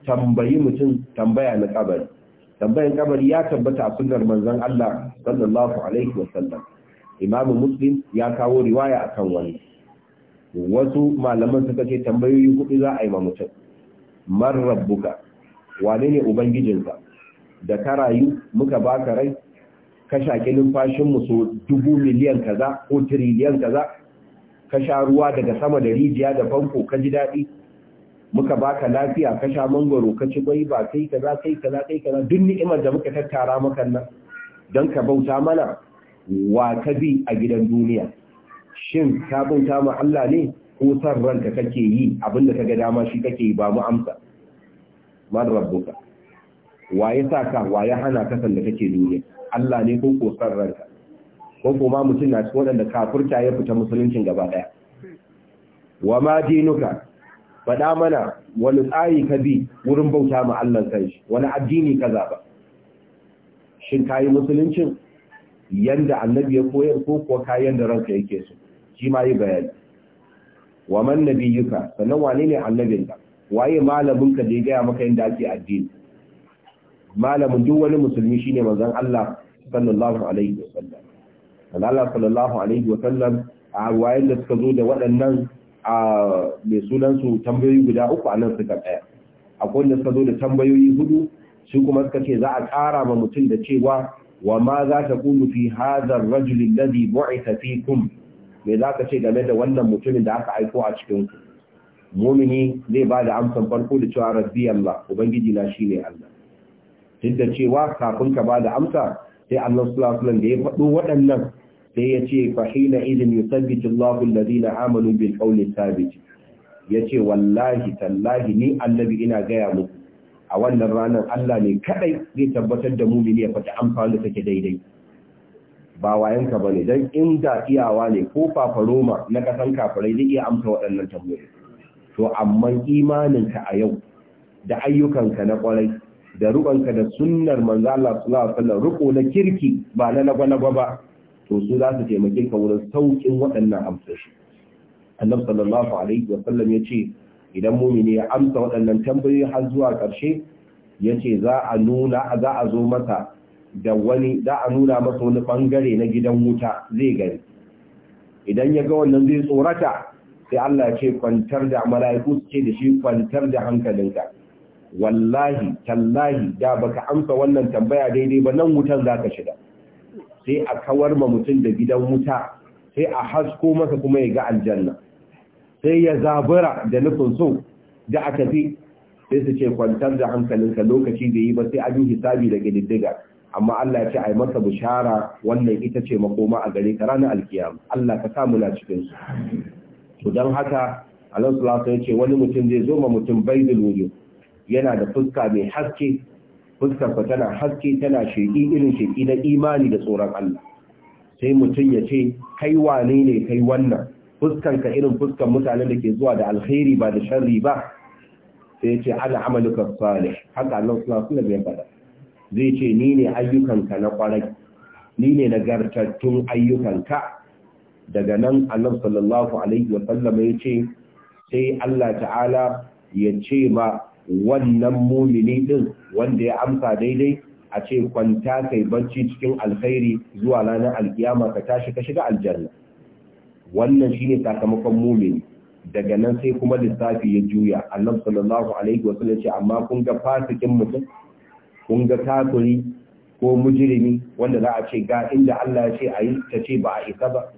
tambayi mutum tambaya na kabari tambayan kabari ya tabbata a sunnar manzon Allah sallallahu alaihi wa Imam Muslim ya kawo riwaya akan wani. wasu malaman suka ce tambayoyi hudu za a yi ma mutum man rabbuka wane ne ubangijinka da ka rayu muka baka rai ka shaki numfashin mu so dubu miliyan kaza ko tiriliyan kaza ka sha ruwa daga sama da rijiya da famfo ka ji daɗi muka baka lafiya ka sha mangoro ka ci ba kai kaza kai kaza kai kaza duk ni'imar da muka tattara maka nan don ka bauta mana wa ka bi a gidan duniya shin ka bauta ma Allah ne ko san ranka kake yi abinda kaga dama shi kake yi ba mu amsa man rabbuka wa ya sa ka wa ya hana ka san da kake duniya Allah ne ko ko san ranka ko ko ma mutum na cikin waɗanda kafurta ya fita musuluncin gaba ɗaya wa ma dinuka faɗa mana wani tsari ka bi wurin bauta ma Allah shi, wani addini ka zaba shin yi musuluncin yanda annabi ya koyar ko kuwa ka yanda ranka yake so shi ma yi bayani wa man nabiyuka sannan wane ne ka, waye malamin ka da ya gaya maka yanda ake addini malamin duk wani musulmi shine manzon Allah sallallahu alaihi wasallam Allah sallallahu alaihi wasallam a wayar da suka zo da waɗannan a mai sunansu tambayoyi guda uku a nan suka tsaya akwai wanda suka zo da tambayoyi hudu su kuma suka ce za a ƙara ma mutum da cewa wa ma za ta kulu fi hazar rajulin ladhi bu'ita kum me za ka ce game da wannan mutumin da aka aiko a cikin ku mumini zai ba da amsan farko da cewa rabbi Allah ubangiji na shine Allah duk da cewa kafin ka ba da amsa sai Allah sallallahu alaihi wasallam da ya faɗo waɗannan sai ya ce fahina izin yusabbitu Allahu alladhina amanu bil qawli thabit yace wallahi tallahi ni annabi ina gaya muku a wannan ranar Allah ne kadai zai tabbatar da mu'mini ya fata amfani take daidai ba wayanka bane dan inda iyawa ne ko fafaroma na kasan kafirai zai iya amsa waɗannan tambayoyi to amma imaninka a yau da ayyukanka na kwarai da rubanka da sunnar manzo Allah sallallahu alaihi wasallam na kirki ba na lagwalagwa ba to su za su taimake ka wurin saukin waɗannan amsoshi annabi sallallahu alaihi wa sallam ya ce idan mumini ya amsa waɗannan tambayoyi har zuwa ƙarshe ya ce za a nuna za a zo masa da wani za a nuna masa wani bangare na gidan wuta zai gani idan ya ga wannan zai tsorata sai Allah ya ce kwantar da mala'iku su ce da shi kwantar da hankalinka wallahi tallahi da baka amsa wannan tambaya daidai ba nan wutan zaka shiga sai a kawar ma mutum da gidan wuta sai a hasko masa kuma ya ga aljanna sai ya zabura da nufin so da a tafi sai su ce kwantar da hankalinka lokaci da yi ba sai an yi hisabi da gididdiga amma Allah ya ce ai masa bishara wannan ita ce makoma a gare ka ranar alkiyama Allah ka sa muna cikin su to dan haka Allah sallallahu alaihi wasallam ce wani mutum zai zo ma mutum baydul wujud yana da fuska mai haske fuskarsa tana haske tana sheƙi irin sheƙi na imani da tsoron Allah sai mutum ya ce kai wane ne kai wannan fuskanka irin fuskan mutanen da ke zuwa da alkhairi ba da sharri ba sai ya ce ana amalukan salih haka Allah suna suna bai faɗa zai ce ni ne ayyukanka na kwarai ni ne nagartattun ayyukanka daga nan Allah sallallahu alaihi wa sallam ya ce sai Allah ta'ala ya ce ma wannan mumini din wanda ya amsa daidai a ce kwanta kai bacci cikin alkhairi zuwa ranar alkiyama ka tashi ka shiga aljanna wannan shine sakamakon mumini daga nan sai kuma lissafi ya juya annabi sallallahu alaihi wasallam ce amma kun ga fasikin mutum kun ga kafiri ko mujrimi wanda za a ce ga inda Allah ya ce ayi ta ce ba a isa ba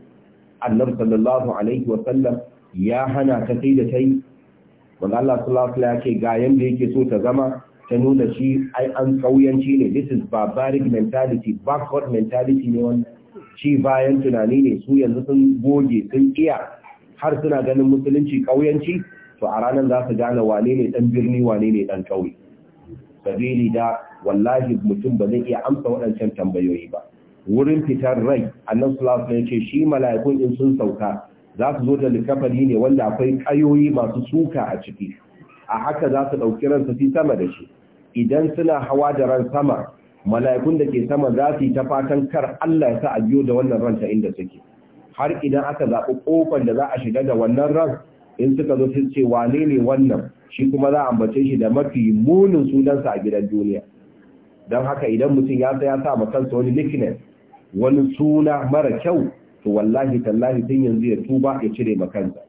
annabi sallallahu alaihi sallam ya hana ta sai da tai wanda Allah sallallahu alaihi yake ga yanda yake so ta zama ta nuna shi ai an kauyanci ne this is barbaric mentality backward mentality ne wannan Shi bayan tunani ne su yanzu sun goge sun iya har suna ganin musulunci kauyanci to a ranar za su gane wane ne dan birni wane ne dan kauye sabili da wallahi mutum ba zai iya amsa waɗancan tambayoyi ba wurin fitar rai annabi sallallahu alaihi wasallam ya ce shi mala'ikun in sun sauka za su zo da likafari ne wanda akwai kayoyi masu suka a ciki a haka za su ɗauki ransa fi sama da shi idan suna hawa da ran sama mala'ikun da ke sama za su yi ta fatan kar Allah ya sa a biyo da wannan ta inda suke har idan aka zaɓi ƙofar da za a shiga da wannan ran in suka zo sun ce wane ne wannan shi kuma za a ambace shi da mafi munin sunansa a gidan duniya don haka idan mutum ya sa ya sa ma kansa wani nickname wani suna mara kyau to wallahi tallahi tun yanzu ya tuba ya cire makanta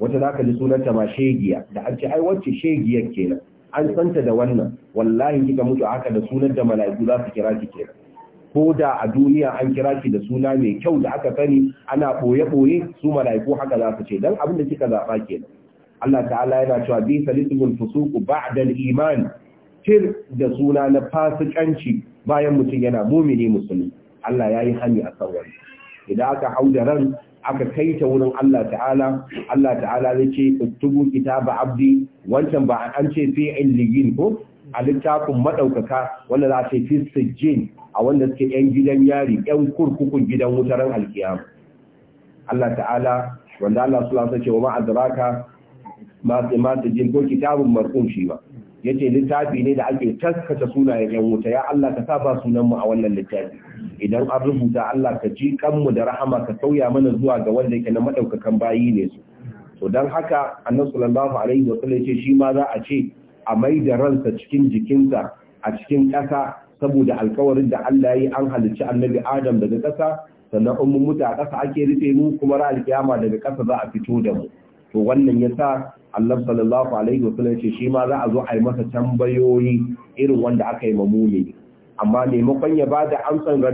wata za ka ji sunanta ma shegiya da an ci ai shegiyar kenan an santa da wannan wallahi kika mutu haka da sunan da mala'iku za su kira ki kenan ko da a duniya an kira ki da suna mai kyau da aka sani ana ɓoye-ɓoye su mala'iku haka za su ce don abin da kika zaɓa kenan Allah ta'ala yana cewa bi salisul fusuqu ba'da al-iman tir da suna na fasikanci bayan mutum yana mumini musulmi Allah yayi hani a kan idan aka hau da ran aka kai ta wurin Allah ta'ala Allah ta'ala zai ce uktubu kitaba abdi wancan ba an ce fi illiyin ko a littafin madaukaka wanda za ce fi sijjin a wanda suke yan gidan yari yan kurkukun gidan wutaran alkiyam Allah ta'ala wanda Allah sallallahu alaihi wa ma sai ma ma sijjin ko kitabun marqum shi ba yace littafi ne da ake taskata sunayen yan wuta ya Allah ka sa ba sunan mu a wannan littafi idan an rubuta Allah ka ji kanmu da rahama ka sauya mana zuwa ga wanda yake na madaukakan bayi ne su to dan haka annabi sallallahu alaihi wa sallam ce shi ma za a ce a mai da ransa cikin jikinsa a cikin ƙasa saboda alƙawarin da Allah ya yi an halicci annabi Adam daga ƙasa sannan ummu muta ƙasa ake rufe mu kuma ra alkiyama daga ƙasa za a fito da mu to wannan yasa Allah sallallahu alaihi wa sallam ce shi ma za a zo a yi masa tambayoyi irin wanda aka yi ma mumini amma maimakon ya ba da amsan ma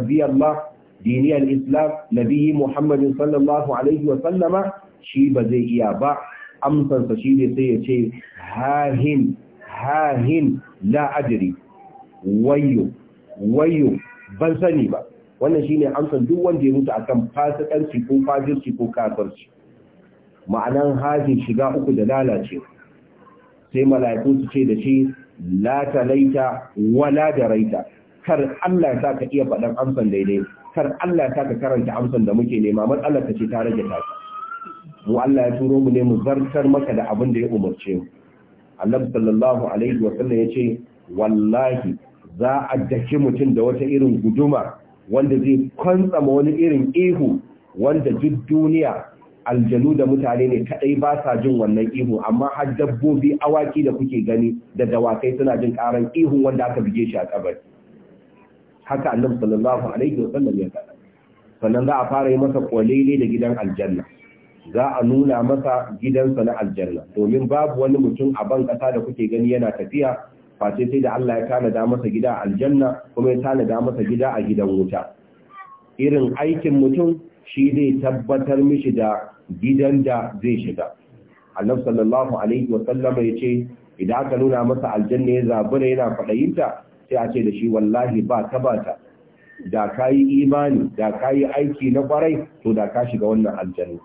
diniyar islam nabiyyi Muhammadu sallallahu alaihi wa sallama shi ba zai iya ba amsansa shi ne sai ya ce hahin hahin la'adiri wayo wayo ban sani ba wannan shi ne amsan duk wanda ya mutu akan fasikanci ko fajirci ko kafarci ma'anan hajin shiga uku da lalace sai mala'iku su ce da shi la talaita wala daraita kar Allah ya ka iya faɗan amsan daidai kar Allah ya ka karanta amsan da muke nema matsalar ta ce ta rage ta mu Allah ya turo mu ne mu zartar maka da abin da ya umarce mu Allah sallallahu alaihi wa sallam yace wallahi za a daki mutum da wata irin guduma wanda zai kwantsama wani irin ihu wanda duk duniya aljanu da mutane ne kadai ba sa jin wannan ihu amma har dabbobi awaki da kuke gani da dawakai suna jin karan ihu wanda aka bige shi a kabari haka annabi sallallahu alaihi wasallam ya faɗa sannan za a fara yi masa kwalele da gidan aljanna za a nuna masa gidansa na aljanna domin babu wani mutum a ban kasa da kuke gani yana tafiya face sai da Allah ya tanada masa gida a aljanna kuma ya tanada masa gida a gidan wuta irin aikin mutum shi zai tabbatar mishi da gidan da zai shiga annabi sallallahu alaihi wasallam ya ce idan aka nuna masa aljanna ya zabura yana fadayinta sai a ce da shi wallahi ba ta ba ta da ka yi imani da ka yi aiki na kwarai to da ka shiga wannan aljanna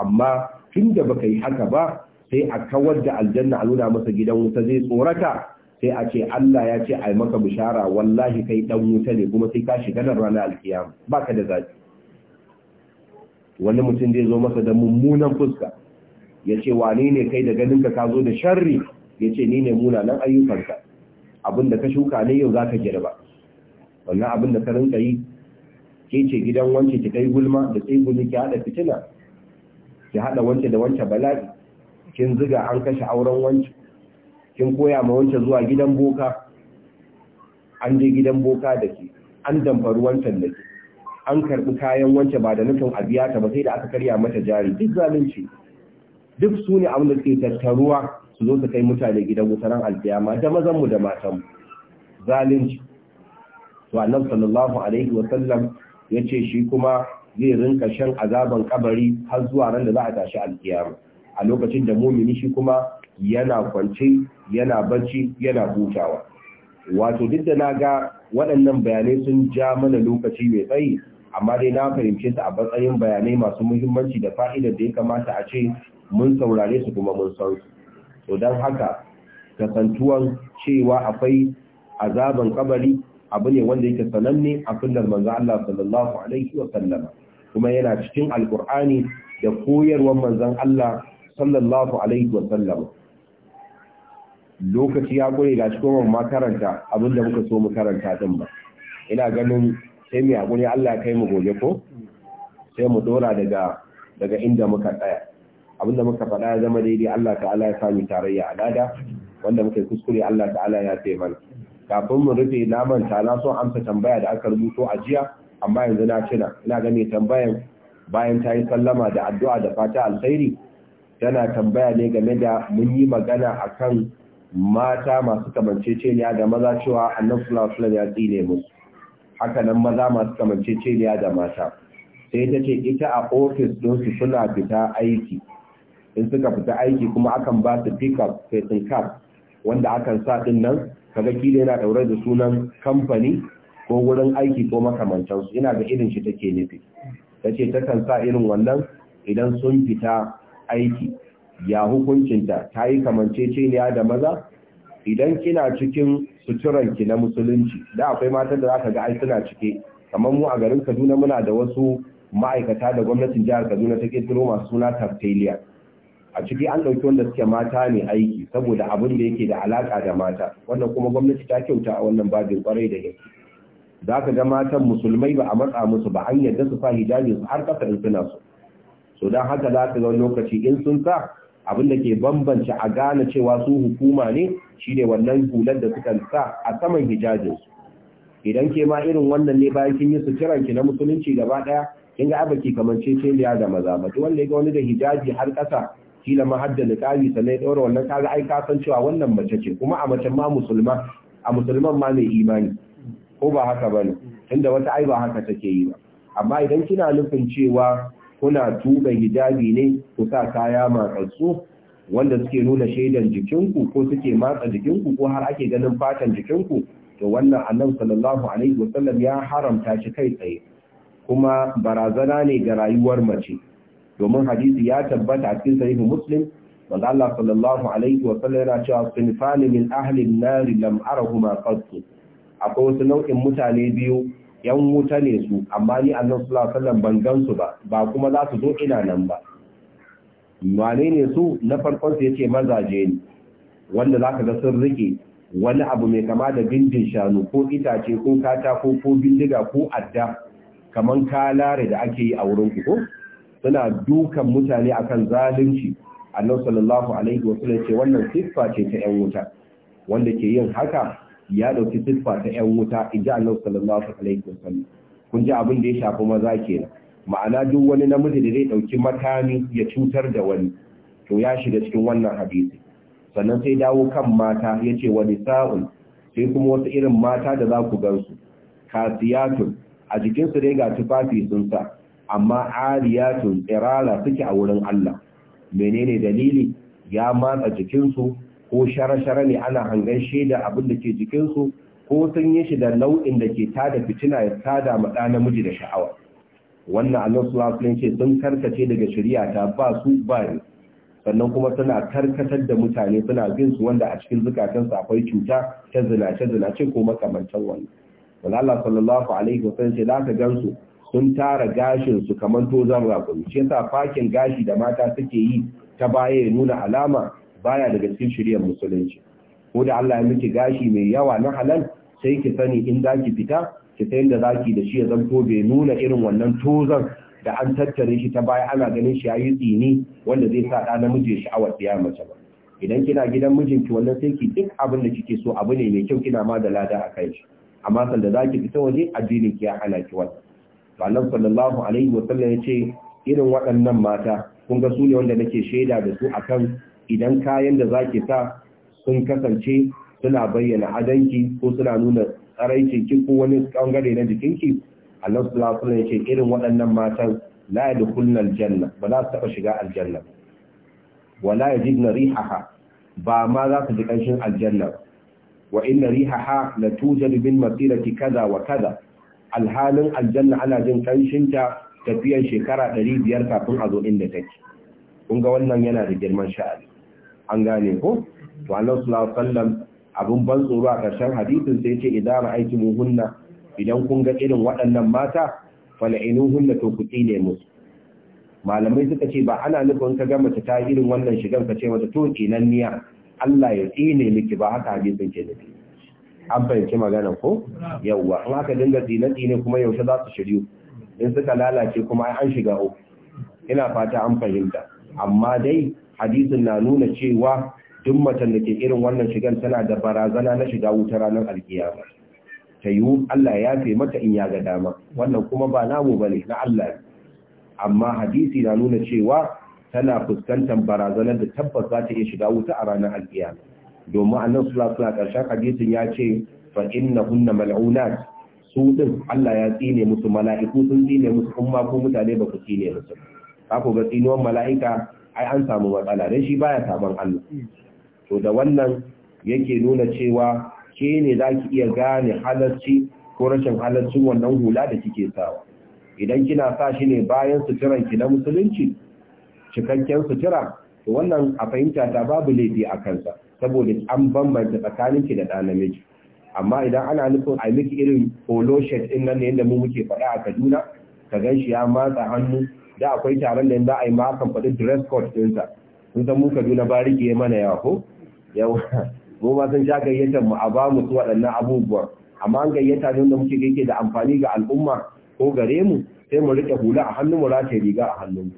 amma tun da baka yi haka ba sai a kawar da aljanna a nuna masa gidan wuta zai tsorata sai a ce Allah ya ce ai maka bishara wallahi kai dan wuta ne kuma sai ka shiga nan ranar alkiyama baka da zafi wani mutum zai zo masa da mummunan fuska ya ce wane ne kai da ganinka ka zo da sharri ya ce ni ne munanan ayyukanka abin da ka shuka ne yau za ka girba wannan abin da ka rinka yi ke ce gidan wance ki kai gulma da tsegumi ki haɗa fitina ki haɗa wance da wance bala'i kin ziga an kashe auren wance kin koya ma wance zuwa gidan boka an je gidan boka da ke an damfaru wancan da ke an karɓi kayan wance ba da nufin a ta ba sai da aka karya mata jari duk zalunci duk su ne abin da suke tattaruwa su zo su kai mutane gidan ran alkiyama da mazanmu da matanmu zalunci to annabi sallallahu alaihi wa sallam yace shi kuma zai rinka shan azaban kabari har zuwa ran da za a tashi alkiyama a lokacin da mumini shi kuma yana kwance yana bacci yana hutawa wato duk da naga waɗannan bayanai sun ja mana lokaci mai tsayi amma dai na fahimce su a matsayin bayanai masu muhimmanci da fa'idar da ya kamata a ce mun saurare su kuma mun san su to don haka kasantuwan cewa akwai azaban kabari abu ne wanda yake sananne a sunnar manzo Allah sallallahu alaihi wa sallama kuma yana cikin alqur'ani da koyarwar manzon Allah sallallahu alaihi wa sallama lokaci ya kure ga cikin mun makaranta abinda muka so mu karanta din ba ina ganin sai mu gure Allah ya kai mu gobe ko sai mu dora daga daga inda muka tsaya abinda muka faɗa ya zama daidai Allah ta'ala ya sami tarayya a lada wanda muka kuskure Allah ta'ala ya ce mana kafin mu rufe na manta na so amsa tambaya da aka rubuto a jiya amma yanzu na cina, ina ganin tambayar tambayan bayan ta yi sallama da addu'a da fata alkhairi tana tambaya ne game da mun yi magana akan mata masu kamanceceniya da maza cewa annabi sallallahu alaihi ya tsine musu haka nan maza masu kamanceceniya da mata sai ta ce ita a ofis su suna fita aiki in suka fita aiki kuma akan ba su pickup facing car wanda akan sa din nan kaga kila yana daure da sunan kamfani ko wurin aiki ko su ina ga irin shi take nufi tace takan sa irin wannan idan sun fita aiki ya hukuncinta ta yi kamanceceniya da maza idan kina cikin ki na musulunci da akwai matan da zaka ga ai suna cike kamar mu a garin kaduna muna da wasu ma'aikata da gwamnatin jihar kaduna ta turo masu suna tafsiliya a ciki an ɗauki wanda suke mata ne aiki saboda abin da yake da alaƙa da mata wannan kuma gwamnati ta kyauta a wannan babin kwarai da gaske za ka ga matan musulmai ba a matsa musu ba an yadda su sa hijabi su har ƙasa in suna so so don haka za ka ga lokaci in sun sa abin da ke bambanci a gane cewa su hukuma ne shine wannan hular da suka sa a saman su idan ke ma irin wannan ne bayan kin yi su suturan ki na musulunci gaba ɗaya kin ga abaki kamar liya da maza ba duk wanda ya ga wani da hijabi har ƙasa kila ma hadda niqabi sannan sanai dora wannan kaga ai ka san cewa wannan mace ce kuma a mace ma musulma a musulman ma mai imani ko ba haka bane tunda wata ai ba haka take yi ba amma idan kina nufin cewa kuna tuba hijabi ne ku sa kaya matsatsu wanda suke nuna shaidan jikinku ko suke matsa jikinku ko har ake ganin fatan jikinku to wannan annabi sallallahu alaihi wasallam ya haramta shi kai tsaye kuma barazana ne ga rayuwar mace domin hadisi ya tabbata a cikin sahihu muslim wanda Allah sallallahu alaihi wa sallam yana cewa sinfani min ahli an-nar lam arahuma qat akwai wasu nau'in mutane biyu yan wuta ne su amma ni Allah sallallahu alaihi sallam ban gansu ba ba kuma za su zo ina nan ba wane ne su na farkon su yace mazaje ne wanda zaka ga sun rike wani abu mai kama da bindin shanu ko itace ko katako ko bindiga ko adda kaman kalare da ake yi a wurin ku ko suna dukan mutane akan zalunci annabi sallallahu alaihi sallam ce wannan siffa ce ta yan wuta wanda ke yin haka ya dauki siffa ta yan wuta inji annabi sallallahu alaihi sallam kun ji abin da ya shafi maza kenan ma'ana duk wani namiji da zai dauki makami ya cutar da wani to ya shiga cikin wannan hadisi sannan sai dawo kan mata yace wani nisa'un sai kuma wasu irin mata da za ku gansu kasiyatun a jikinsu dai ga tufafi sun sa amma ariyatun tsirara suke a wurin Allah menene dalili ya matsa jikinsu ko shara-shara ne ana hangar shaida abin da ke jikinsu ko sun yi shi da nau'in da ke tada fitina ya tada ma ɗa namiji da sha'awa wannan annan sulasulun ce sun karkace daga shari'a ta ba su ba ne sannan kuma suna karkatar da mutane suna bin su wanda a cikin zukatansu akwai cuta ta zina ce ko makamancin wannan wala Allah sallallahu alaihi wasallam ce za ka gansu sun tara gashin su kamar tozan rakumi shi yasa fakin gashi da mata suke yi ta baya ya nuna alama baya daga cikin shiriyar musulunci ko da Allah ya miki gashi mai yawa na halal sai ki sani in zaki fita ki san da zaki da shi ya zanto bai nuna irin wannan tozan da an tattare shi ta baya ana ganin shi yayi tsini wanda zai sa da namiji sha'awar ya mace ba idan kina gidan mijinki wannan sai ki duk abin da kike so abu ne mai kyau kina ma da lada a kai shi amma sanda zaki fita waje addinin ki ya hana wannan annabi sallallahu alaihi wa ya ce irin waɗannan mata kun ga su ne wanda nake shaida da su akan idan kayan da zaki sa sun kasance suna bayyana adanki ko suna nuna ki ko wani bangare na jikinki Allah sallallahu alaihi ce irin waɗannan matan la yadkhulna aljanna ba za su taɓa shiga aljanna ji na rihaha ba ma za su ji ƙanshin aljanna wa inna rihaha la tujadu bin masirati kaza wa kaza alhalin aljanna ana jin kanshinta tafiyan shekara 500 kafin a zo inda take kun ga wannan yana da girman sha'ani an gane ko to Allah sallallahu alaihi wasallam abun ban tsoro a karshen hadisin sai ce idan ra'aytumuhunna idan kun ga irin waɗannan mata fal'inuhunna to ku tsine musu malamai suka ce ba ana nufin ka ga mace ta irin wannan shigan ka ce mata to niya. Allah ya tsine miki ba haka hadisin ke nufi an fahimci magana ko yawwa in haka dinga tsine ne kuma yaushe za su shiryu in suka lalace kuma an shiga uku ina fata an fahimta amma dai hadisin na nuna cewa duk macen da ke irin wannan shigan tana da barazana na shiga wuta ranar alkiyama ta Allah ya fi mata in ya ga dama wannan kuma ba namu ne na Allah amma hadisi na nuna cewa tana fuskantar barazanar da tabbas za ta iya shiga wuta a ranar alkiyama domin annan sula suna ƙarshen hadisin ya ce fa inna hunna mal'unat su din Allah ya tsine musu mala'iku sun tsine musu kuma ko mutane ba ku tsine musu ka ku ga tsinuwan mala'ika ai an samu matsala dan shi baya saban Allah to da wannan yake nuna cewa ke ne zaki iya gane halarci ko rashin halarci wannan hula da kike sawa idan kina sa shi ne bayan suturan ki na musulunci cikakken sutura to wannan a fahimta ta babu laifi a kansa saboda an bambanta tsakaninki da ɗan namiji amma idan ana nufin a miki irin holoshet ɗin nan ne yadda mu muke faɗa a Kaduna ka gan shi ya matsa hannu da akwai taron da za a yi makon faɗi dress code ɗinsa sun san mu Kaduna ba rike mana yawa ko yawa *laughs* mu ma sun sha gayyatar mu a ba mu su waɗannan abubuwan amma an gayyata ne wanda muke gaike da amfani ga al'umma ko gare mu sai mu rike hula a hannu mu rataye riga a hannun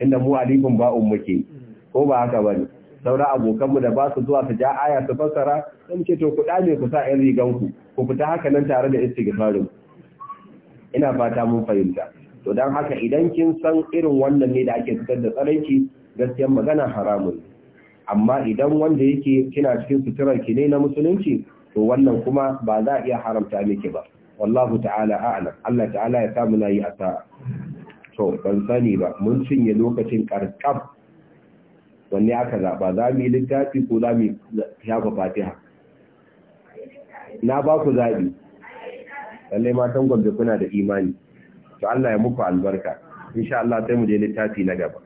inda mu alifin ba'un muke ko ba haka bane sauran abokanmu da ba su zuwa su ja aya su fassara sai ce to ku ne ku sa yan rigan ku ku fita haka nan tare da istighfarin ina fata mun fahimta to dan haka idan kin san irin wannan ne da ake fitar da tsaraici gaskiyar magana haramun amma idan wanda yake kina cikin suturar ki ne na musulunci to wannan kuma ba za a iya haramta miki ba wallahu ta'ala a'lam Allah ta'ala ya samu nayi asa to ban sani ba mun cinye lokacin karkab wanne aka zaɓa za mu yi littafi ko za mu shafa fatiha na ba ku zaɓi lallai matan gwamnati kuna da imani to Allah ya muku albarka insha Allah sai mu je littafi na gaba